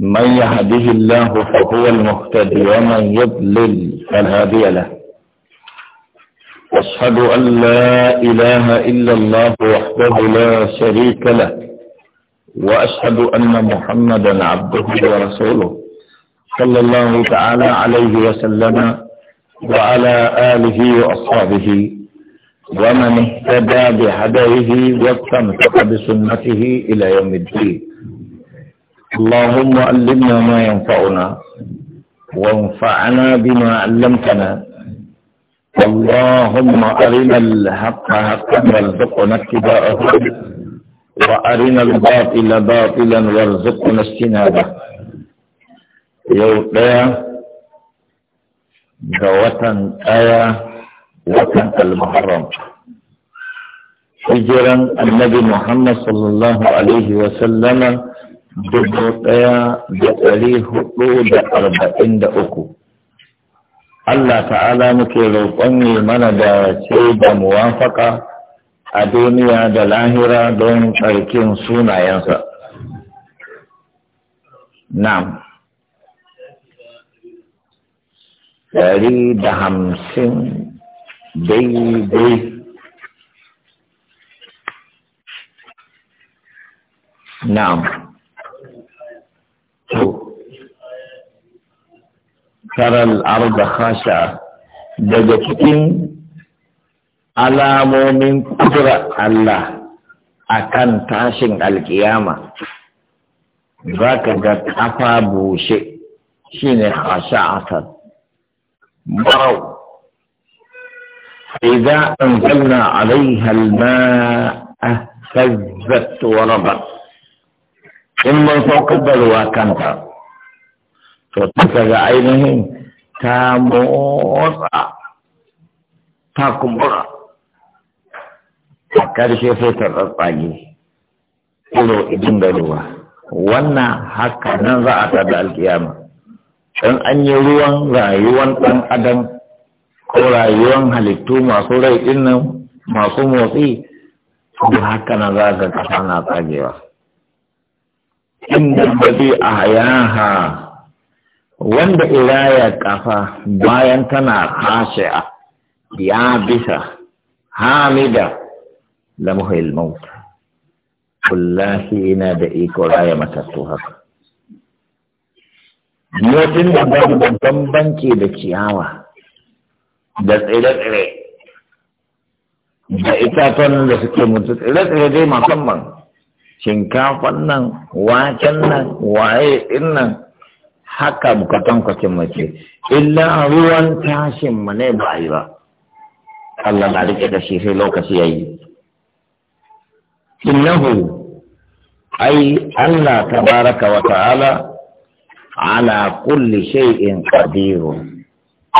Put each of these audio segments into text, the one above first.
من يهده الله فهو المهتدي ومن يضلل فالهادي له واشهد ان لا اله الا الله وحده لا شريك له واشهد ان محمدا عبده ورسوله صلى الله تعالى عليه وسلم وعلى اله واصحابه ومن اهتدى بهديه واستمسك بسنته الى يوم الدين اللهم علمنا ما ينفعنا وانفعنا بما علمتنا اللهم أرنا الحق حقا وارزقنا اتباعه وأرنا الباطل باطلا وارزقنا اجتنابه يوم ga watan ɗaya watan al-muharram hijiran annabi muhammad sallallahu alaihi wa dubu ɗaya da ɗari hudu da arba'in da uku. Allah ta'ala muke roƙon yi mana da ce da muwafaka a duniya da lahira don tsarkin sunayensa. Na'am. Ɗari da hamsin daidai. Na'am. ترى الأرض خاشعة دجتين على مؤمن قدرة الله أكان تاشن القيامة ذاك قد بوشي شين خاشعة مرو فإذا أنزلنا عليها الماء اهتزت وربت in mun saukar da ruwa kanta to ta ga ainihin ta motsa ta kumbura a ƙarshe sai ta tsatsage ilo idin da ruwa wannan haka nan za a tada alkiyama in an yi ruwan rayuwan ɗan adam ko rayuwan halittu masu rai ɗin nan masu motsi to haka nan za ka kasa na tsagewa inda zai a yaha wanda iraya kafa bayan tana khashi'a ya bisa hamida da muhil maut wallahi ina da iko raya matattu haka mutum da babu da bambanci da ciyawa da tsire-tsire da itatuwan da suke mutu tsire-tsire dai musamman shinkafan nan waken nan waye din nan haka bukatan kwacin mace illa ruwan tashin mu ne ba yi ba Allah na rike da shi sai lokaci ya yi. innahu ai Allah tabaraka wa ta'ala ala kulli shay'in qadir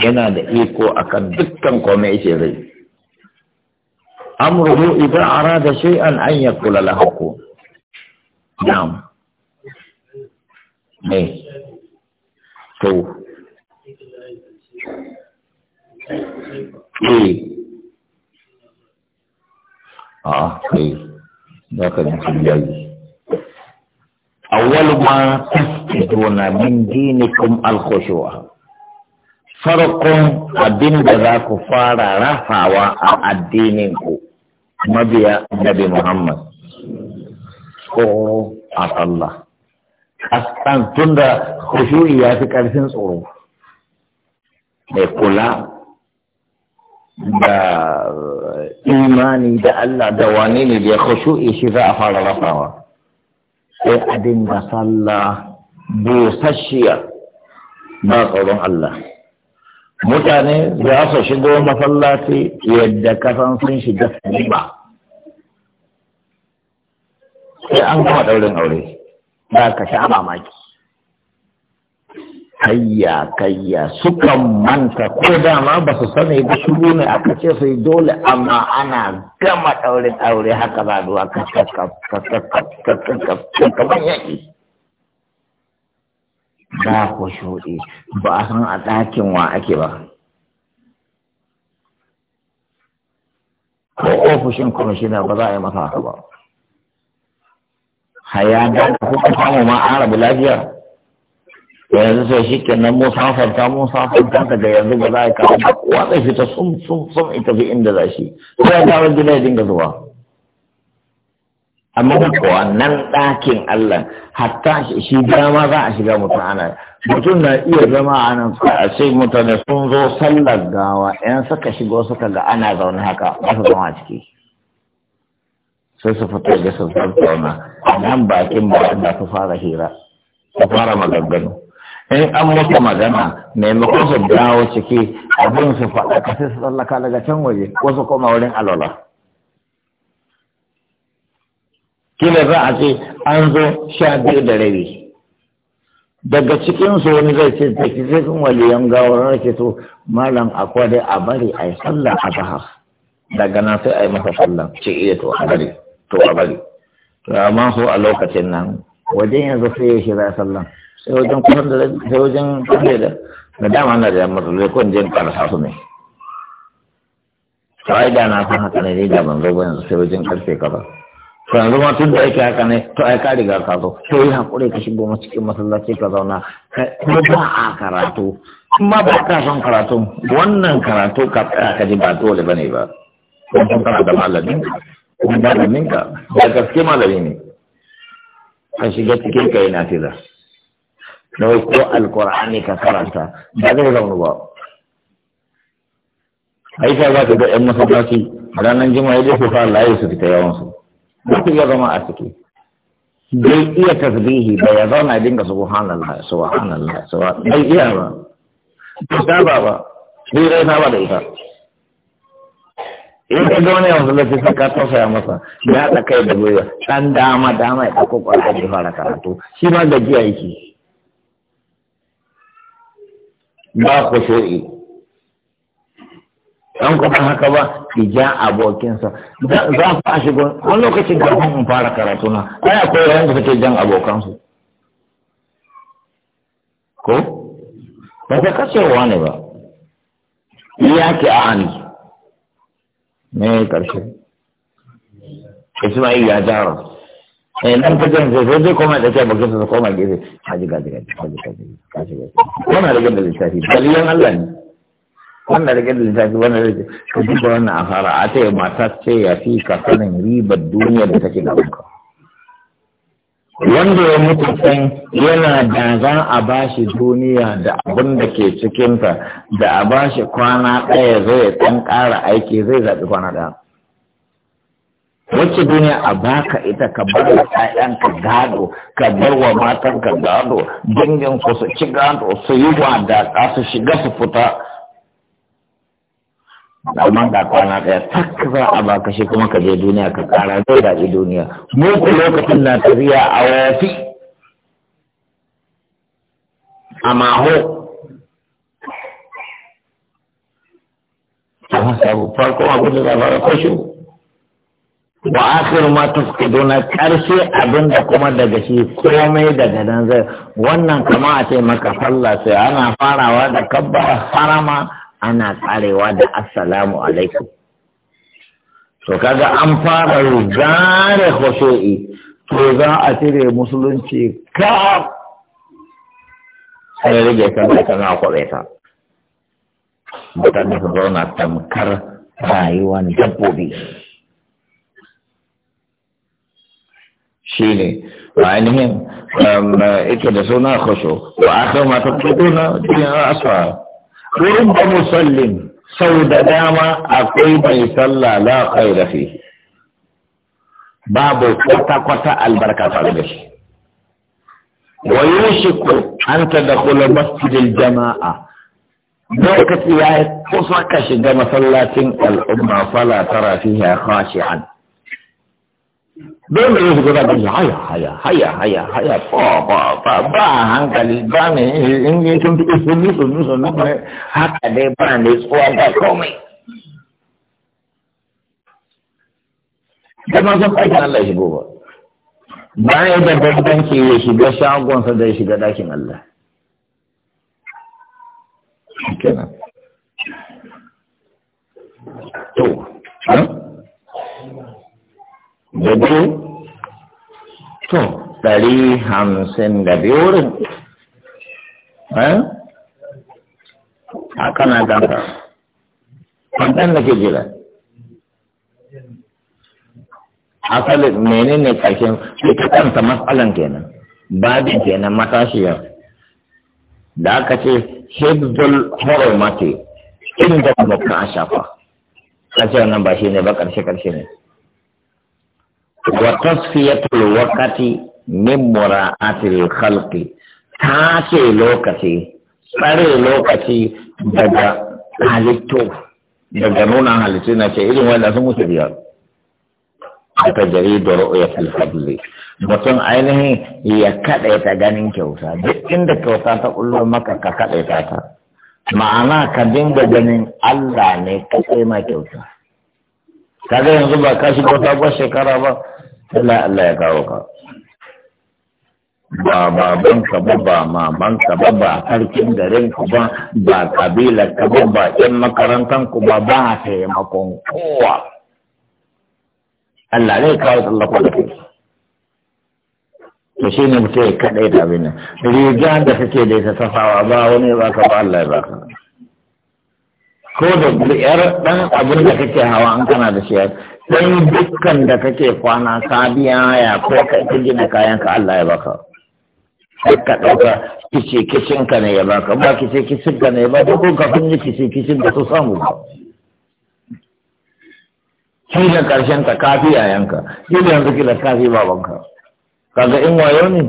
yana da iko akan dukkan kome yake rai amruhu idan arada shay'an an yakula lahu نعم ايه تو ايه اه ايه ده كان جميل اول ما تستدون من دينكم الخشوع فرق الدين ذاك فارا رفعوا الدينكم مبيا النبي محمد tsoro a sallah kaskan tun da khushu'i ya fi ƙarfin tsoro mai kula da eh, imani da Allah da wani ne da khushu'i shi za a fara rafawa sai a dinga sallah busasshiya ba tsoron Allah mutane za su shigo masallaci yadda kasan sun shiga ba sai an kuma ɗaurin aure ba ka sha mamaki kayya kayya sukan manta ko dama ba su sani ba su ne aka ce sai dole amma ana gama ɗaurin aure haka ba zuwa kaman a san ba ko ofishin kwamishina ba za yi masa ba hayada ko samu ma arabu lafiya yanzu sai shi kenan mun safarta mun farka daga yanzu ba za a kawo ba fita sun sun sun ita fi inda za shi sai ya dawo gida ya dinga zuwa amma kuwa nan ɗakin Allah hatta shi dama za a shiga mutum ana mutum na iya zama a nan a ce mutane sun zo sallar gawa yan suka shigo suka ga ana zaune haka ba su zama ciki sai su fito da su tattauna nan bakin ba da su fara hira su fara maganganu in an mutu magana maimakon su dawo ciki abin su faɗa ka sai su tsallaka daga can waje ko su koma wurin alola kila za a ce an zo sha biyu da rabi daga cikin su wani zai ce ta ki cikin yan gawar rake to malam akwai dai a bari a yi sallah a zahar daga nan sai a yi masa sallah ce iya eh, to a bari to a bari to amma so a lokacin nan wajen yanzu sai ya shira sallan sai wajen kusan da sai wajen kande da da dama na da zai ko jin karasa su ne sai da na san haka ne da ban zo yanzu sai wajen karfe kaza to yanzu ma tun da yake haka ne to ai ka riga ka zo to yi hakuri ka shigo cikin masallaci ka zauna ko ba a karatu kuma ba ka son karatu wannan karatu ka tsaya ka ji ba dole bane ba kuma kana da malamin malaminka da gaske malami ne ka shiga cikin kai na tila na ko alkur'ani ka karanta ba zai zaunu ba aisha za ta ga yan masallaci A ranar jima'a ya su fara layi su fita yawan su ba su iya zama a ciki bai iya tasbihi ba ya zauna dinga subhanallah subhanallah subhanallah bai iya ba ta ba ba sai rai ba da ita in ka ga a wasu lafi sai ka tausaya masa ya haɗa kai da gwiwa ɗan dama dama ya ɗauko ƙwarar da fara karatu shi ma gajiya yake ba ku yi. ɗan kuma haka ba ki ja abokinsa za a shigo wani lokacin kafin in fara karatu na ai akwai yayin da suke jan abokansu ko ba ta kacewa ne ba iya ke a hannu ne karshe Ismail ya jaro eh nan ta jan sai sai koma da ta bugu sa koma gefe haji ga gaji gaji ka ji gaji ga ji da wannan da tafi kaliyan Allah ne wannan rage da tafi wannan rage ka duba wannan afara a ta mata ce ya fi ka sanin riba duniya da take da ka wanda ya mutu san yana da za a bashi duniya da abin da ke cikinta da a bashi kwana ɗaya zai ɗan ƙara aiki zai zaɓi kwana ɗaya wacce duniya a baka ita ka bar wa ka gado ka bar wa matanka gado dangin ku su ci gado su yi wa wada su shiga su fita amma ga kwana ɗaya tak za a baka shi kuma ka je duniya ka kara zai daɗi duniya muku lokacin na tafiya a wafi a maho sabu farko abin da zafara kwashin wa akhir ma tafkiduna karshe abin da kuma daga shi komai daga nan zai wannan kama a ce maka sallah sai ana farawa da kabba harama ana karewa da assalamu alaikum to kaga an fara gare khushu'i to za a cire musulunci ka sai rage kan da kan akwai ta mutane su zauna tamkar rayuwar dabbobi shi wa ainihin ita um, da suna khushu wa akhir ma taquluna bi asfa rubba musallin sau da dama akwai mai sallah la khaira fi babu kwata kwata albarka tare da shi wa yushiku an tadkhulu masjidil jama'a lokaci ya kusa ka shiga masallacin al'umma fala tara kwashe khashi'an don da su kusa gani haya haya haya haya haya ba ba ba ba hankali ba ne in yi sun fi sun yi sun yi sun yi haka dai ba ne tsuwa da komai kamar sun ɗakin Allah shigo ba bayan da danganci ya shiga shagonsa da ya shiga ɗakin Allah kenan to da biyu to ɗari hamsin da biyu eh? a kana ganka kwanton da ke jira asalin menene ƙarshen ita kanta matsalan kenan da kenan matashiyar da aka ce hibdul horomati inda muka ka shafa ƙarshen nan ba shi ne ba karshe-karshe ne وتصفية الوقت min مراعاة الخلق تاسي lokaci, tsare lokaci daga halittu daga nuna halittu na ce irin wanda sun mutu biyar ta jari da ro'ya mutum ainihin ya ta ganin kyauta duk inda kyauta ta kullo maka ka kaɗai ta ma'ana ka dinga ganin Allah ne ka kai ma kyauta kaga yanzu ba ka shiga shekara ba Allah Allah ya kawo ka ba baban ka ba ba maman ka ba ba harkin garin ku ba ba kabila ka ba ba yan makarantan ku ba ba taimakon kowa Allah ne kawo tallafa da kai to shi ne mutum ya kaɗai da abin nan riga da kake da ita safawa ba wani ba ka ba Allah ya ba ka ko da yar abin da kake hawa an kana da shi sai dukkan da kake kwana ka biya ya ko kai ka gina kayan ka Allah ya baka sai ka dauka kice kicin ka ne ya baka ba kice kicin ka ne ba duk ka kun yi kice kicin da su samu ba shi da karshen ta kafi yayanka shi da yanzu kila kafi babanka kaga in wayo ne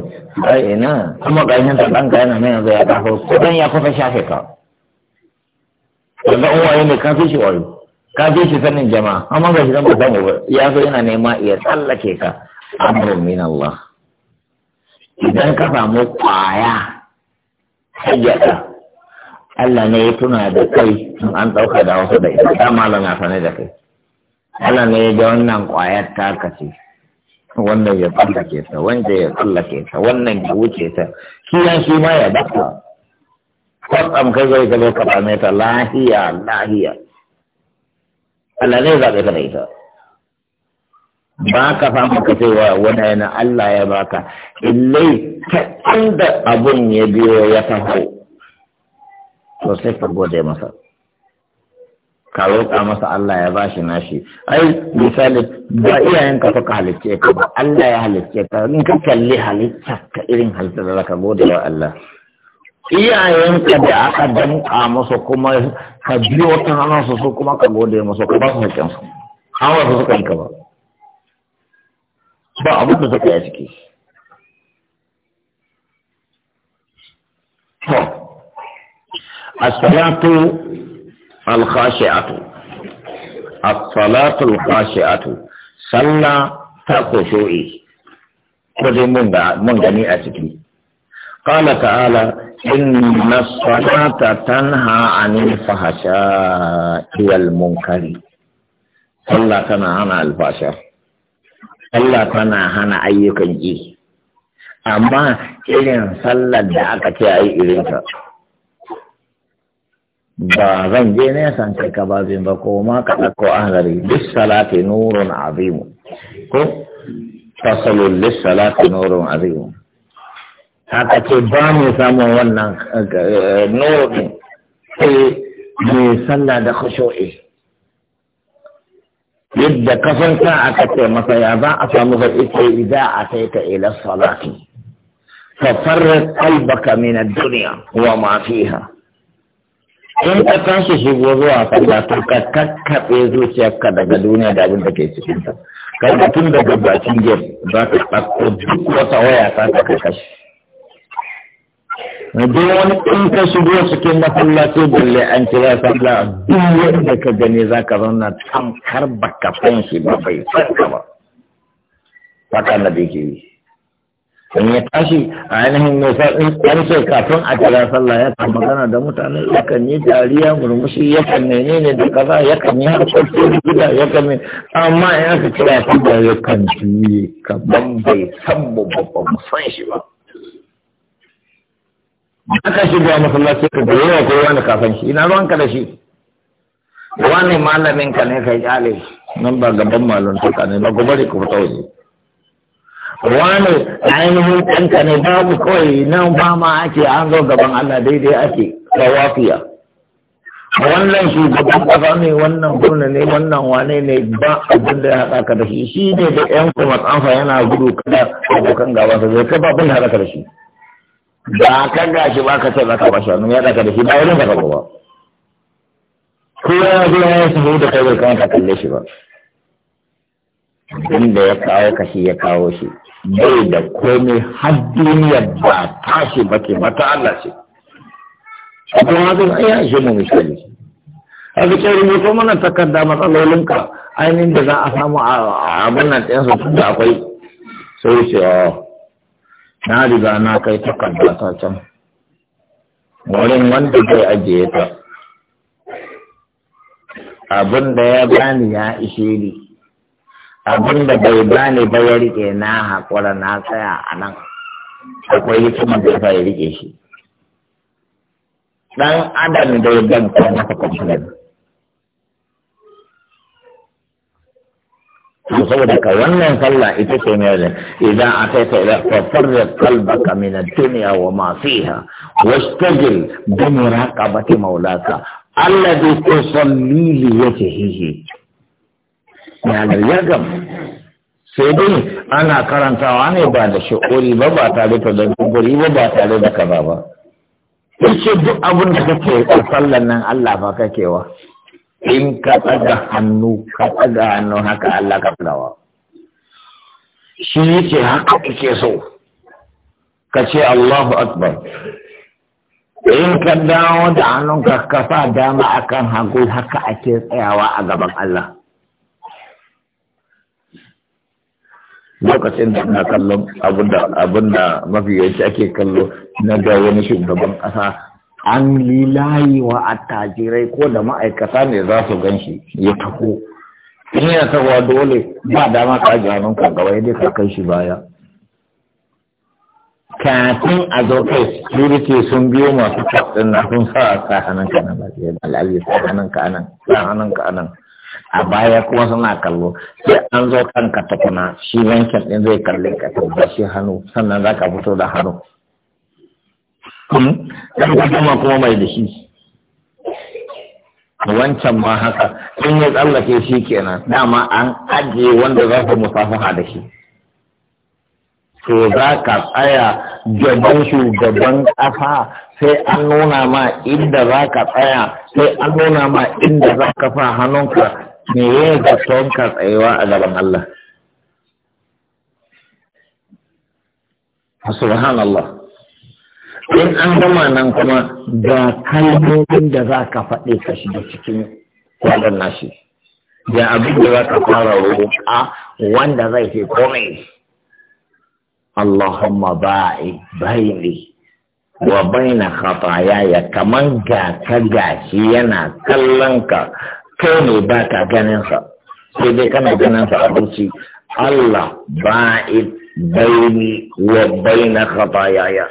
ai ina kuma karshen ta danka yana nan yanzu ya kafa ko dan ya kusa shafe ka kaga in wayo ne kafi shi wayo ka je shi sanin jama'a amma ba shi zama zama ba ya so yana nema iya tsallake ka amrun min Allah idan ka samu kwaya hajjata Allah ne ya tuna da kai an ɗauka da wasu da ita ta malam ya sane da kai Allah ne ya ga wannan kwayar ta kace wannan ya tsallake ta wanda ya tsallake ta wannan ya wuce ta kiyan shi ma ya dafa kwatsam kai zai gale ka ta lahiya lahiya Allah ne zaɓe ka da ita ba ka samu ka wa wani yana Allah ya baka illai ta inda abun ya biyo ya taho to sai ka gode masa ka roƙa masa Allah ya bashi nashi ai misali ba iyayen ka suka halicce ka ba Allah ya halicce ka in ka kalli halitta ka irin halitta da zaka gode wa Allah iyayenka da aka danka musu kuma ka biyo ta hannunsu su kuma ka gode musu ka ba su haƙƙinsu an wasu suka yi ka ba ba abin da suka yi ciki to as-salatu al-khashi'atu sallah ta khushu'i ko dai mun gani a ciki qala ta'ala إن الصلاة تنهى عن الفحشاء والمنكر صلى تنا هنا الفحشاء صلى تنا هنا أيكم إيه أما إذن صلى دعك أي إذنك ba zan je nesan kai ka ba zai ba ko ma ka ɗauko ahlari bis salati nurun azimu ko fasalul lis salati nurun azimu haka ce ba mu samun wannan eh, nurin sai mai sallah da khushu'i yadda sa aka ce masa ya za a samu zarfi ce idza ataita ila salati ففرق قلبك duniya wa وما ha. in ka tashi shigo zuwa sallah to ka kakkaɓe zuciyarka daga duniya da abin da ke cikinta kai tun daga bakin gem za ka ɗauko duk wata waya ta ka duk wani in ka shigo cikin masallaci balle an kira sallah duk wanda ka gani za ka zauna tamkar baka san shi ba bai san ka ba haka na da yi in ya tashi a ainihin an ce kafin a kira sallah ya kan magana da mutane kan yi dariya murmushi ya kan nene ne da kaza yakan yi harkokin gida kan yi amma in aka kira sallah kan juye kaban bai san mu ba ba mu san shi ba shi biya masallaci ka ga yawa ko wani kafan shi ina ka da shi wani malamin ka ne kai kyale nan ba gaban malon tuka ne ba ku bari ku fita waje wani ainihin ka ne babu kawai nan ba ma ake an zo gaban Allah daidai ake wafiya. wannan shi shugaban kafa ne wannan kuna ne wannan wane ne ba abin da ya haɗa ka da shi shi ne da ƴan kuma tsanfa yana gudu kada abokan gaba ta zai kai ba abin da haɗa ka da shi ba ka gashi ba ka ce za ka bashi wani ya ɗaka da shi ba wurin daga ba ko ya zo ya yi da kai bai kan ka kalle shi ba inda ya kawo ka shi ya kawo shi bai da komai har duniya ba shi ba ke mata Allah ce abin hazin ai ya ishe mu misali a cikin kuma mana takarda ka. ainihin da za a samu a abin nan su tun da akwai sai ce oh. na riga na kai takarda ta can wurin wanda zai ajiye ta abin da ya bani ya ishe ni abin da bai bani ba ya rike na haƙura na tsaya a nan akwai hikimar da ya rike shi ɗan adam da ya masa kwamfanin to saboda ka wannan sallah ita ce mai da idan a kai ta ila fafarra kalbaka min ad-dunya wa ma fiha wastajil bi muraqabati maulaka alladhi tusalli li wajhihi ya yargam sai dai ana karantawa ne ba da shi'uri ba ba tare da dangogori ba ba tare da kaza ba. Yace duk abin da kake a sallan nan Allah ba kakewa. wa. in ka tsaga hannu ka tsaga hannu haka Allah ka fulawa shi yake haka kake so ka ce Allahu Akbar in ka dawo da hannunka ka kafa dama akan hagu haka ake tsayawa a gaban Allah lokacin da na kallon abinda da mafi yanki ake kallo na ga wani shugaban ƙasa an lilayi wa attajirai ko da ma'aikata ne za su gan shi ya taho in yana dole ba dama ka ji hannun ka gaba dai ka kai shi baya kafin a zo kai security sun biyo masu kwaɗin na sun sa a sa hannun ka nan al'ali sa hannun ka nan sa hannun ka nan a baya kuma suna kallo sai an zo kanka tukuna shi yankin ɗin zai kalli ka tabbashi hannu sannan za ka fito da hannu ɗan hmm? kuma mai da shi wancan ma haka in ya tsallake shi kenan dama an ajiye wanda za ku musafaha da shi to za ka tsaya gaban shugaban ƙasa sai an nuna ma inda za ka tsaya sai an nuna ma inda za ka fa hannunka me ya zaton ka tsayewa a gaban Allah subhanallah in an gama nan kuma ga kalmomin da za ka faɗe ka shiga cikin kwaɗon nashi da abin da za ka fara roƙa wanda zai fi komai Allahumma ba'i baini wa baina khatayaya kaman ga ka gashi yana kallon ka kai ne ba ka ganin sa sai dai kana ganin sa a Allah ba'i baini wa baina khatayaya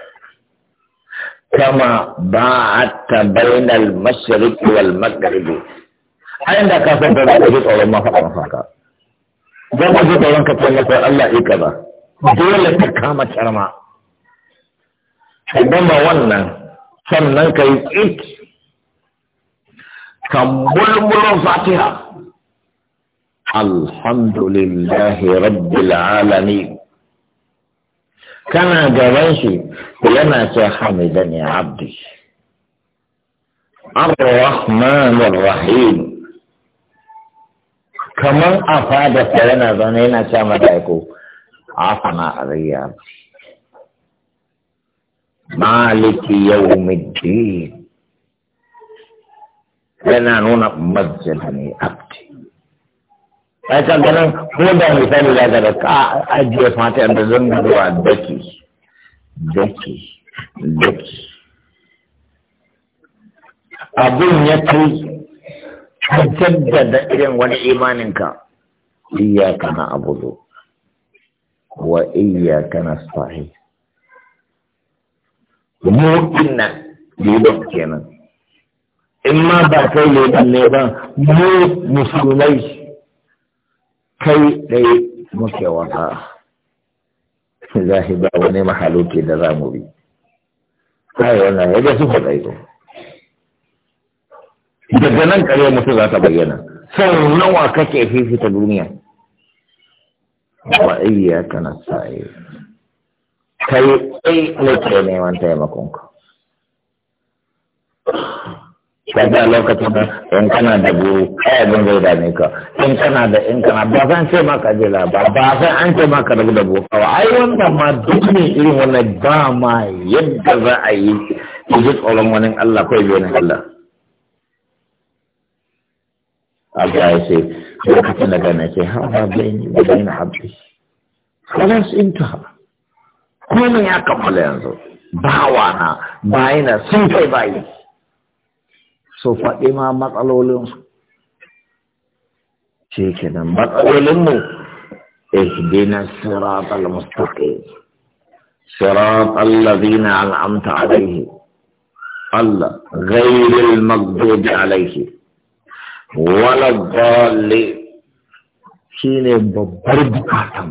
kama ba'atta bainal mashariki wal maghrib ai da ka san da kake tsoron ma faɗa maka dan ka tsoron ka tsalle ko Allah ya kaza dole ka kama karma idan wannan sannan ka yi tsit kan bulbulun fatiha alhamdulillahi rabbil alamin kana gaban shi yana ce hamida ne abdi ar-rahman ar-rahim kamar a fada sa yana zaune yana ce mala'iku afana ariya maliki yawmiddin yana nuna majalani abdi ya ka ganin ko da misali da ka da ka ajiye fata yadda zan zuwa daki daki daki abin ya kai da da irin wani imaninka kana abu abudu wa iya kana sahi mu inna liban kenan in ma ba kai liban ne ba mu musulmai kai ɗaya muke wata shi ba wani mahaluki da za mu bi kai wannan ya ga suka ko, daga nan kare mutu za ta bayyana sau nawa kake fifita duniya wa iya kana sa'i kai ɗai ne ke neman taimakonka Ka da lokacin da in kana da buru kai abin zai dame ka in kana da in kana ba san ce maka je ba ba san an ce maka rabu da boka ba ai wannan ma duk ne irin wannan ba ma yadda za a yi ki ji tsoron wani Allah ko yi ne Allah Allah ya ce lokacin da gane ce ha ba bai ni ba bai na abdi khalas Kuma komai ya kammala yanzu bawana yana sun kai yi su faɗi ma matsalolinsu shi ke nan matsalolinmu ihdina sirat al-mustaqim sirat allazina an'amta alaihi Allah ghayril maghdubi alaihi wala shi ne babbar bukatan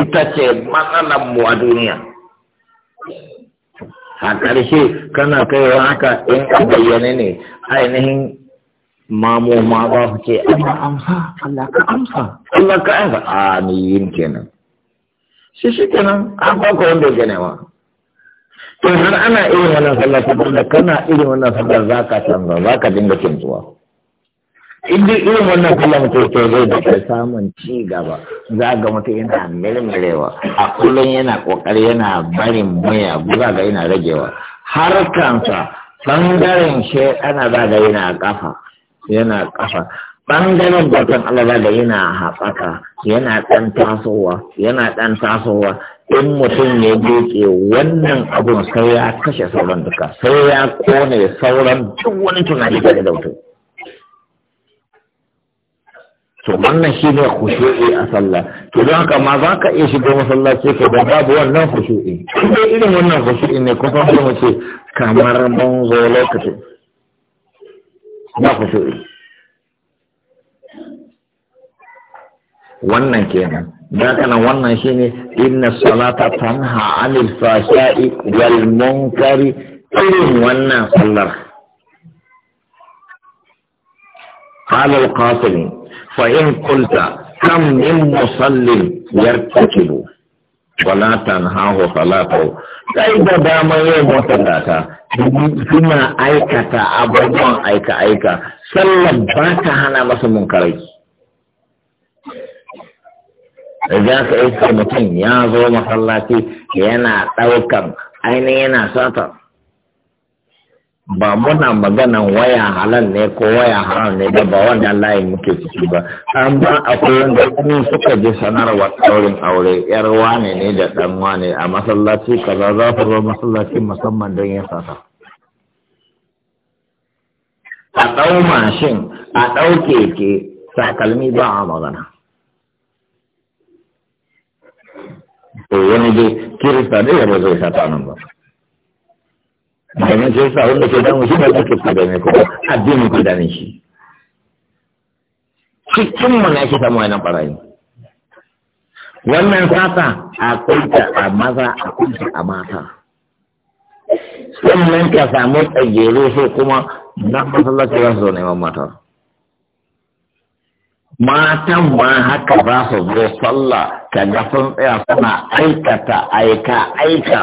ita ce matsalan mu a duniya a ƙarshe kana kaiwa haka in a bayyane ne ainihin mamu ma ba ku ce Allah amsa Allah ka amsa Allah ka amsa yin kenan shi shi kenan an ba ku wanda ya ma to har ana irin wannan sallah saboda kana irin wannan sallah zaka canza zaka dinga canzuwa in dai irin wannan kallon mutum zai da ke samun ci gaba za ga mutum yana mirmirewa a kullum yana kokari yana barin maya za ga yana ragewa har kansa bangaren shi ana za ga yana kafa yana kafa bangaren bakan Allah za ga yana haɓaka yana ɗan tasowa yana ɗan tasowa in mutum ya duke wannan abun sai ya kashe sauran duka sai ya kone sauran duk wani tunani da da mutum to wannan shi ne khushu'i a sallah to don haka ma za ka iya shiga masallaci ka da babu wannan khushu'i dai irin wannan khushu'i ne kuma san mu ce kamar mun zo lokacin na khushu'i wannan kenan da kana wannan shi shine inna salata tanha anil fashai wal munkari irin wannan sallar قال القاسمي فإن kulta kan min musallin يرتكب ولا تنهاه صلاته kai da dama yin masallata suna aikata abubuwan aika-aika sallar ba ta hana masa munkarai za ka isa mutum ya zo masallaci yana ɗaukan ainihin yana sata ba muna maganan waya halal ne ko waya haram ne da ba wannan layin muke ciki ba an ba akwai wanda kuma suka je sanarwa ɗaurin aure yar wane ne da dan wane a masallaci kaza za ku zo masallaci musamman don yin sata a ɗau mashin a ɗau keke takalmi ba a magana to wani dai kirista dai ba zai sata nan ba kamar shi sa wanda ke damu shi ne da ke da ne kuma addinin ke da shi cikin mu na shi samu wannan barayi wannan sata a kunta a maza a kunta a mata sannan ka samu tsagero sai kuma na masallaci za su zo neman matar matan ma haka za su zo sallah ka ga sun tsaya suna aikata aika aika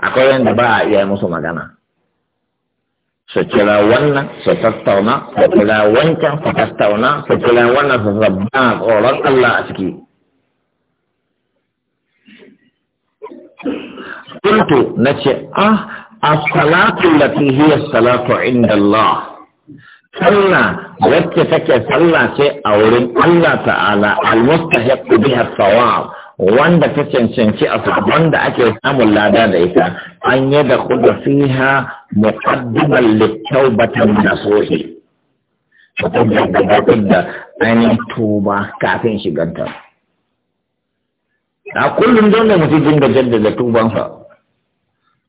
akwai da ba a iya musu magana su kira wannan su tattauna su kira wancan su tattauna su kira wannan su zaba a tsoron Allah a ciki kuntu na ce ah as-salatu lati hiya salatu inda Allah sallah wacce take sallah ce a wurin Allah ta'ala al-mustahiq biha as-sawab wanda ta cancanci a wanda ake samun lada da ita an yi da kudu fiha muqaddimal littaubatan nasuhi mutum da gabatar da ainihin tuba kafin shiganta a kullum dole mutum dinga jaddada tubansa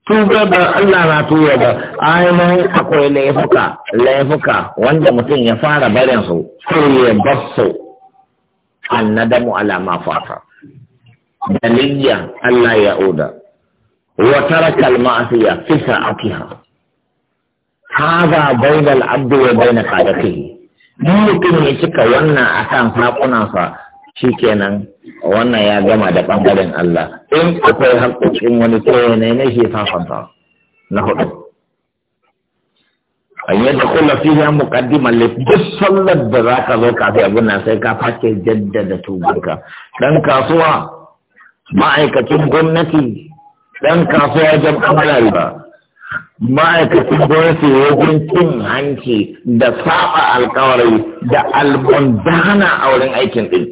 tuba da Allah na tura da ainihin akwai laifuka laifuka wanda mutum ya fara barin su sai ya bar su annadamu alama fata da Allah ya oda wa taraka al-ma'siya fi sa'atiha hadha bayna al-'abdi wa bayna khaliqihi mutum ne cika wannan akan shi kenan wannan ya gama da bangaren Allah in akwai haƙoƙin wani tsaye ne na shi fafanta na hudu an yadda kula fi ya muƙaddima duk sallar da za ka zo kafin abin nan sai ka fashe jaddada tubarka Ɗan kasuwa ma'aikacin gwamnati ɗan kasuwa wajen kamala ba ma'aikacin gwamnati wajen cin hanci da saba alkawari da albondana a wurin aikin ɗin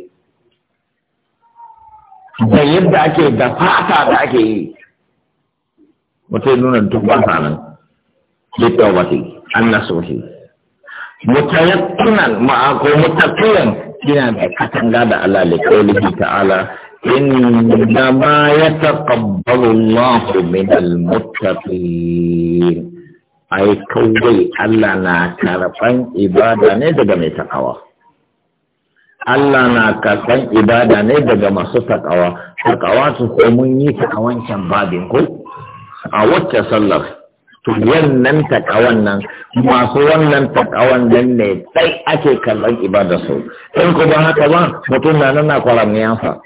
da yadda ake da fata da ake yi mutum nuna duk ba sa nan littawati annasuhi mutayakkunan ma'a ko mutakiyan yana da katanga da Allah da ta'ala إنما يتقبل الله من المتقين أي كوي ألا ناكرفن إبادة ندق taƙawa. ألا ناكرفن إبادة ندق مستقوى تقوى تقومني تقوى شنبابين كل أوت تصلف Wannan takawan nan masu wannan takawan nan ne sai ake kallon ibada su in ba haka ba mutum na nan na kwaramniyansa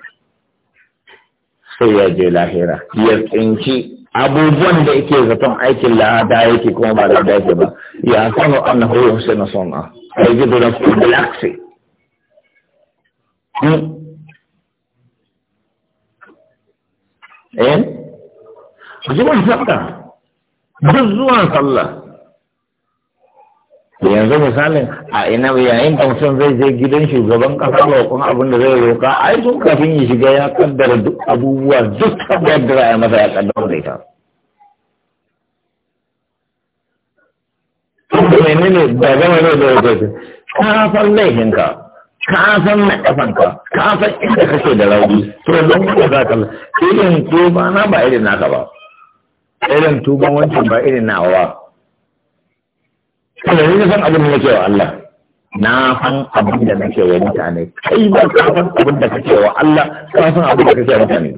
sai ya je lahira ya tsinci abubuwan da yake zaton aikin lahada yake kuma ba da daji ba ya sanu sai na sona a yi gidan su bilaksi eh zuwan sallah duk zuwan sallah yanzu misalin a ina yayin da mutum zai je gidan shugaban kasa roƙon abin da zai roƙa ai tun kafin ya shiga ya kaddara duk abubuwa duk kaddara ya masa ya kaddara da ita da menene da zama ne da rubutu ka san laifinka ka san na kafanka ka san inda kake da rauni to yanzu za ka zaka irin tuba na ba irin naka ba irin tuban wancan ba irin nawa ba kada ni san abin da nake wa Allah na san abin da nake wa mutane kai ba ka san abin da kake wa Allah ka san abin da kake wa mutane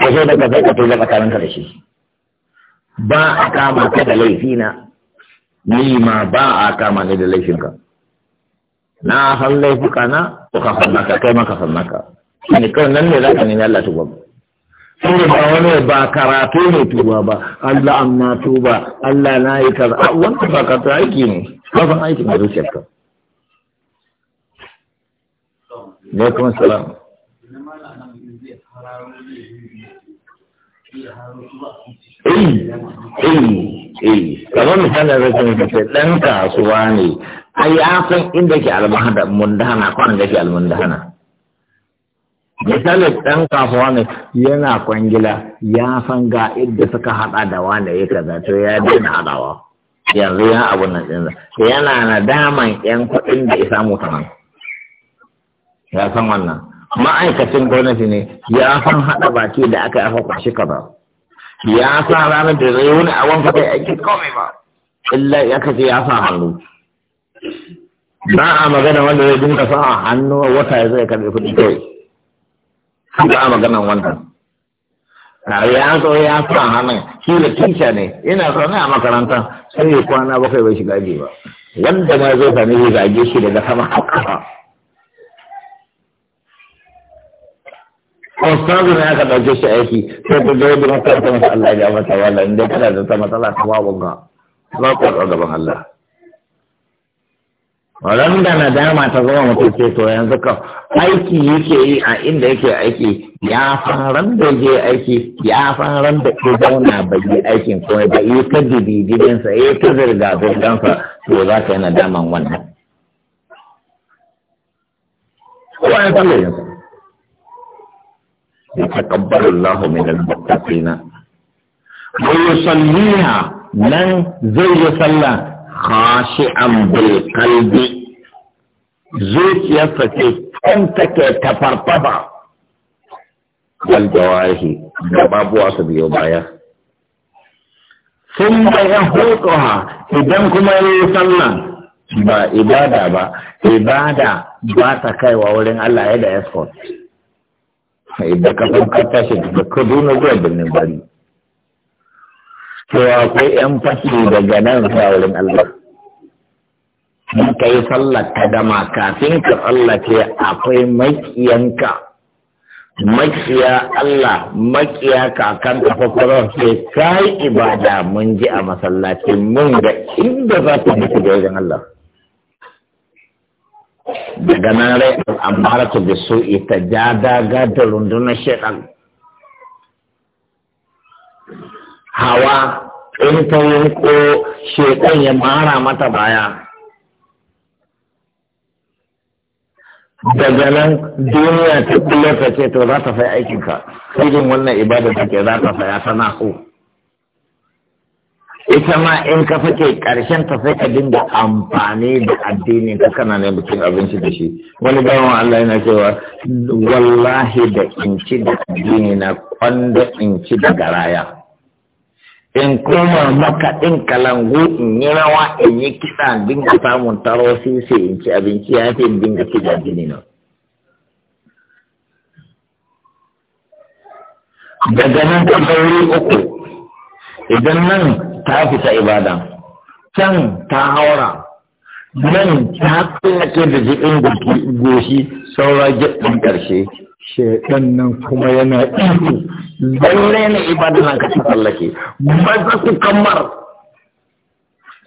ka zo da ka zaka tona tsakanin ka da shi ba a kama ka da na. ni ma ba a kama ni da laifin ka. na san laifuka na ko ka san naka kai ma ka san naka shi ne kawai nan ne zaka nemi Allah tuba saboda ba wani ba karatu ne tuba ba Allah an na tuba Allah na yi kaza a wanda ba karatu aiki ne kafin aiki ne zuciya ka ne kuma salam Eh, eh, eh, kamar misalin rashin da ke ɗan kasuwa ne, ai ya san inda ke almahada mundana, kwanan da ke almundana. misali ɗan kafuwa ne yana kwangila ya san ga inda suka haɗa da wane ya kaza to ya daina haɗawa yanzu ya abu nan ɗin yana na daman ƴan kuɗin da ya samu ta ya san wannan ma'aikacin gwamnati ne ya san haɗa baki da aka yi kwashi shi kaza ya sa ranar da zai wani a wanka bai aiki komai ba illa ya kace ya sa hannu ba a magana wanda zai dinga sa hannu wata ya zai karɓi kuɗi kawai ba a maganan wannan ah, ya zo ya sa hannun shi da tisha ne yana zaune a makarantar sai ya kwana bakwai bai shiga aji ba wanda ma zai sami zai zage shi daga kama har kafa Ustazu ne aka ɗauke shi aiki sai ku zai bi makarantar masu Allah ya mata wala inda kana da ta matsala ta ga ba ku gaban Allah. ran da nadama ta zama mutum ce to yanzu ka aiki yake yi a inda yake aiki ya faran da je aiki ya faran da ke zauna bai yi aikin kuma ba yi ka dibididansa ya ka zirga zirgansa to za ka yi nadaman wannan kowa ya tsalle yanzu ya takabbalu Allah min al-muttaqina wa yusalliha nan zai yi sallah khashi'an bil qalbi zuciyarsa ce kan take ta farfaba wal da babuwa su biyo baya sun da ya hutuha idan kuma ya yi sallan ba ibada ba ibada ba ta kaiwa wurin Allah ya da escort idan ka san ka tashi da kaduna zuwa birnin bari cewa akwai yan fashi daga nan zuwa wurin Allah in ka yi sallar ka dama kafin ka tsallake akwai maƙiyanka. Maƙiya Allah maƙiya kakan kafafaron sai ka yi ibada mun ji a masallaci mun ga inda za ta mutu da wajen Allah daga nan rai amma ta bisu ita ja daga da rundunar shekaru hawa in ta yanko shekwan ya mara mata baya daga nan duniya ta kullarta ce to za ta fai aikinka irin wannan ibada da ke za ta faya sana ku. ita ma in ka fake karshen ta sai ka dinga amfani da addini ta kana ne bikin abinci da shi wani bawan Allah yana cewa wallahi da inci da addini na kwanda inci da garaya in koma maka ɗin kalangu in yi rawa in yi kisa dinga samun taro sisi in ci abinci ya fi in dinga kida jini na. Daga nan ta gauri uku idan nan ta fita ibada can ta haura nan ta tsallake da jikin goshi saura jikin ƙarshe shekan nan kuma yana iku lalle ne ibadan nan ka tsallake ba kammar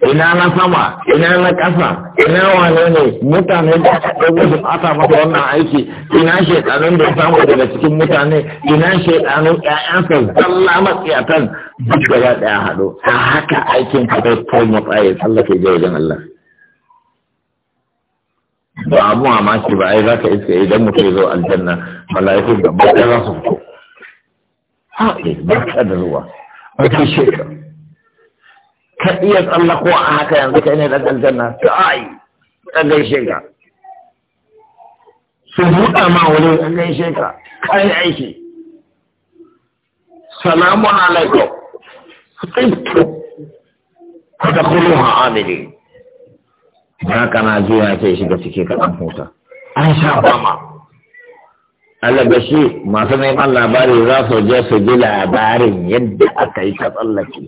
ina na sama ina na ƙasa ina wane ne mutane da aka ɗago su ɓata masa wannan aiki ina shaidanun da samu daga cikin mutane ina shaidanun ƴaƴansa zalla matsiyatan duk gaba ɗaya haɗu a haka aikin ka zai matsayi tsallake jirgin Allah ba abu maki ba ai zaka iske idan mutum ya zo aljanna malaiku da ba za su fito ha eh ba ka da ruwa ba ka sheka ka iya tsalla ko a haka yanzu ka ne da aljanna ta ai dan gaishe ka su buɗa ma wani dan gaishe ka kai aiki salamu alaikum fitu ka da kullu ha Na kana ce ce shiga ciki kaɗan huta an sha fama shi masu neman labari za su je su ji labarin yadda aka yi ta tsallake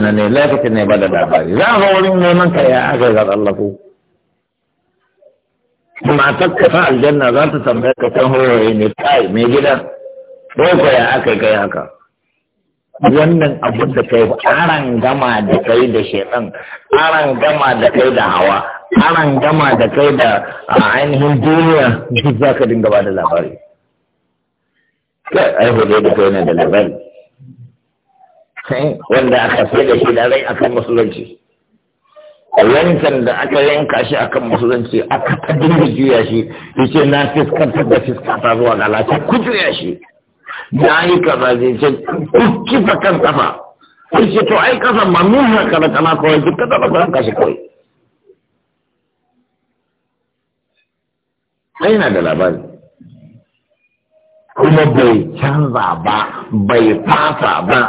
na ne lokacin ne ba da labari za a wurin neman ka ya aka yi ta tsallako matar ka aljanna za ta tambaye ka san horo ne kai mai gida? ko ya aka yi kai haka wannan abun da kai aran gama da kai da shedan aran gama da kai da hawa aran gama da kai da ainihin duniya duk za ka dinga ba da labari kai ai hudu da kai na da labari wanda aka sai da shi da rai akan musulunci yankan da aka yanka shi akan musulunci aka ta dinga juya shi yace na fiskantar da fiskanta zuwa ga lafiya ku juya shi na yi kaza zai ce kifa kan kafa sai ce to ai kasan ma mun haka da kana kawai duk kada ba kan kashi kawai ai na da labari kuma bai canza ba bai fasa ba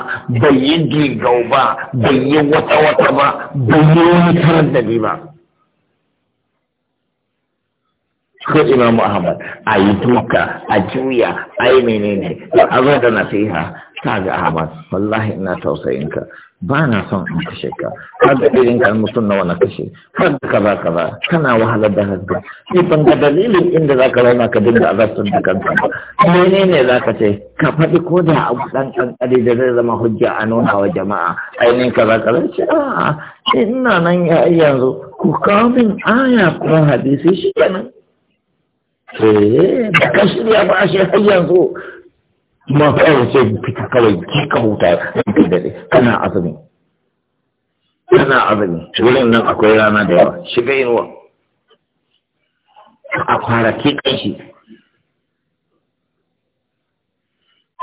bai yi gigau ba bai yi wata wata ba bai yi wani karar da ba ko imamu ahmad a yi duka a juya a yi menene a zo da nasiha ta ga ahmad wallahi ina tausayin ka ba na son in kashe ka har da irin kan mutum nawa na kashe har da kaza kaza kana wahalar da hasba ni ban ga dalilin inda za ka zauna ka dinga azabtar da kanka menene ka ce ka faɗi ko da abu ɗan ƙanƙari da zai zama hujja a nuna wa jama'a ainihin kaza kaza ce a'a ina nan ya yanzu ku kawo min aya ko hadisi shi kenan eh da ka shirya ba shi har yanzu ma kawai sai fita kawai ki ka huta kai dade kana azumi kana azumi wurin nan akwai rana da yawa shiga inuwa a fara ki kanshi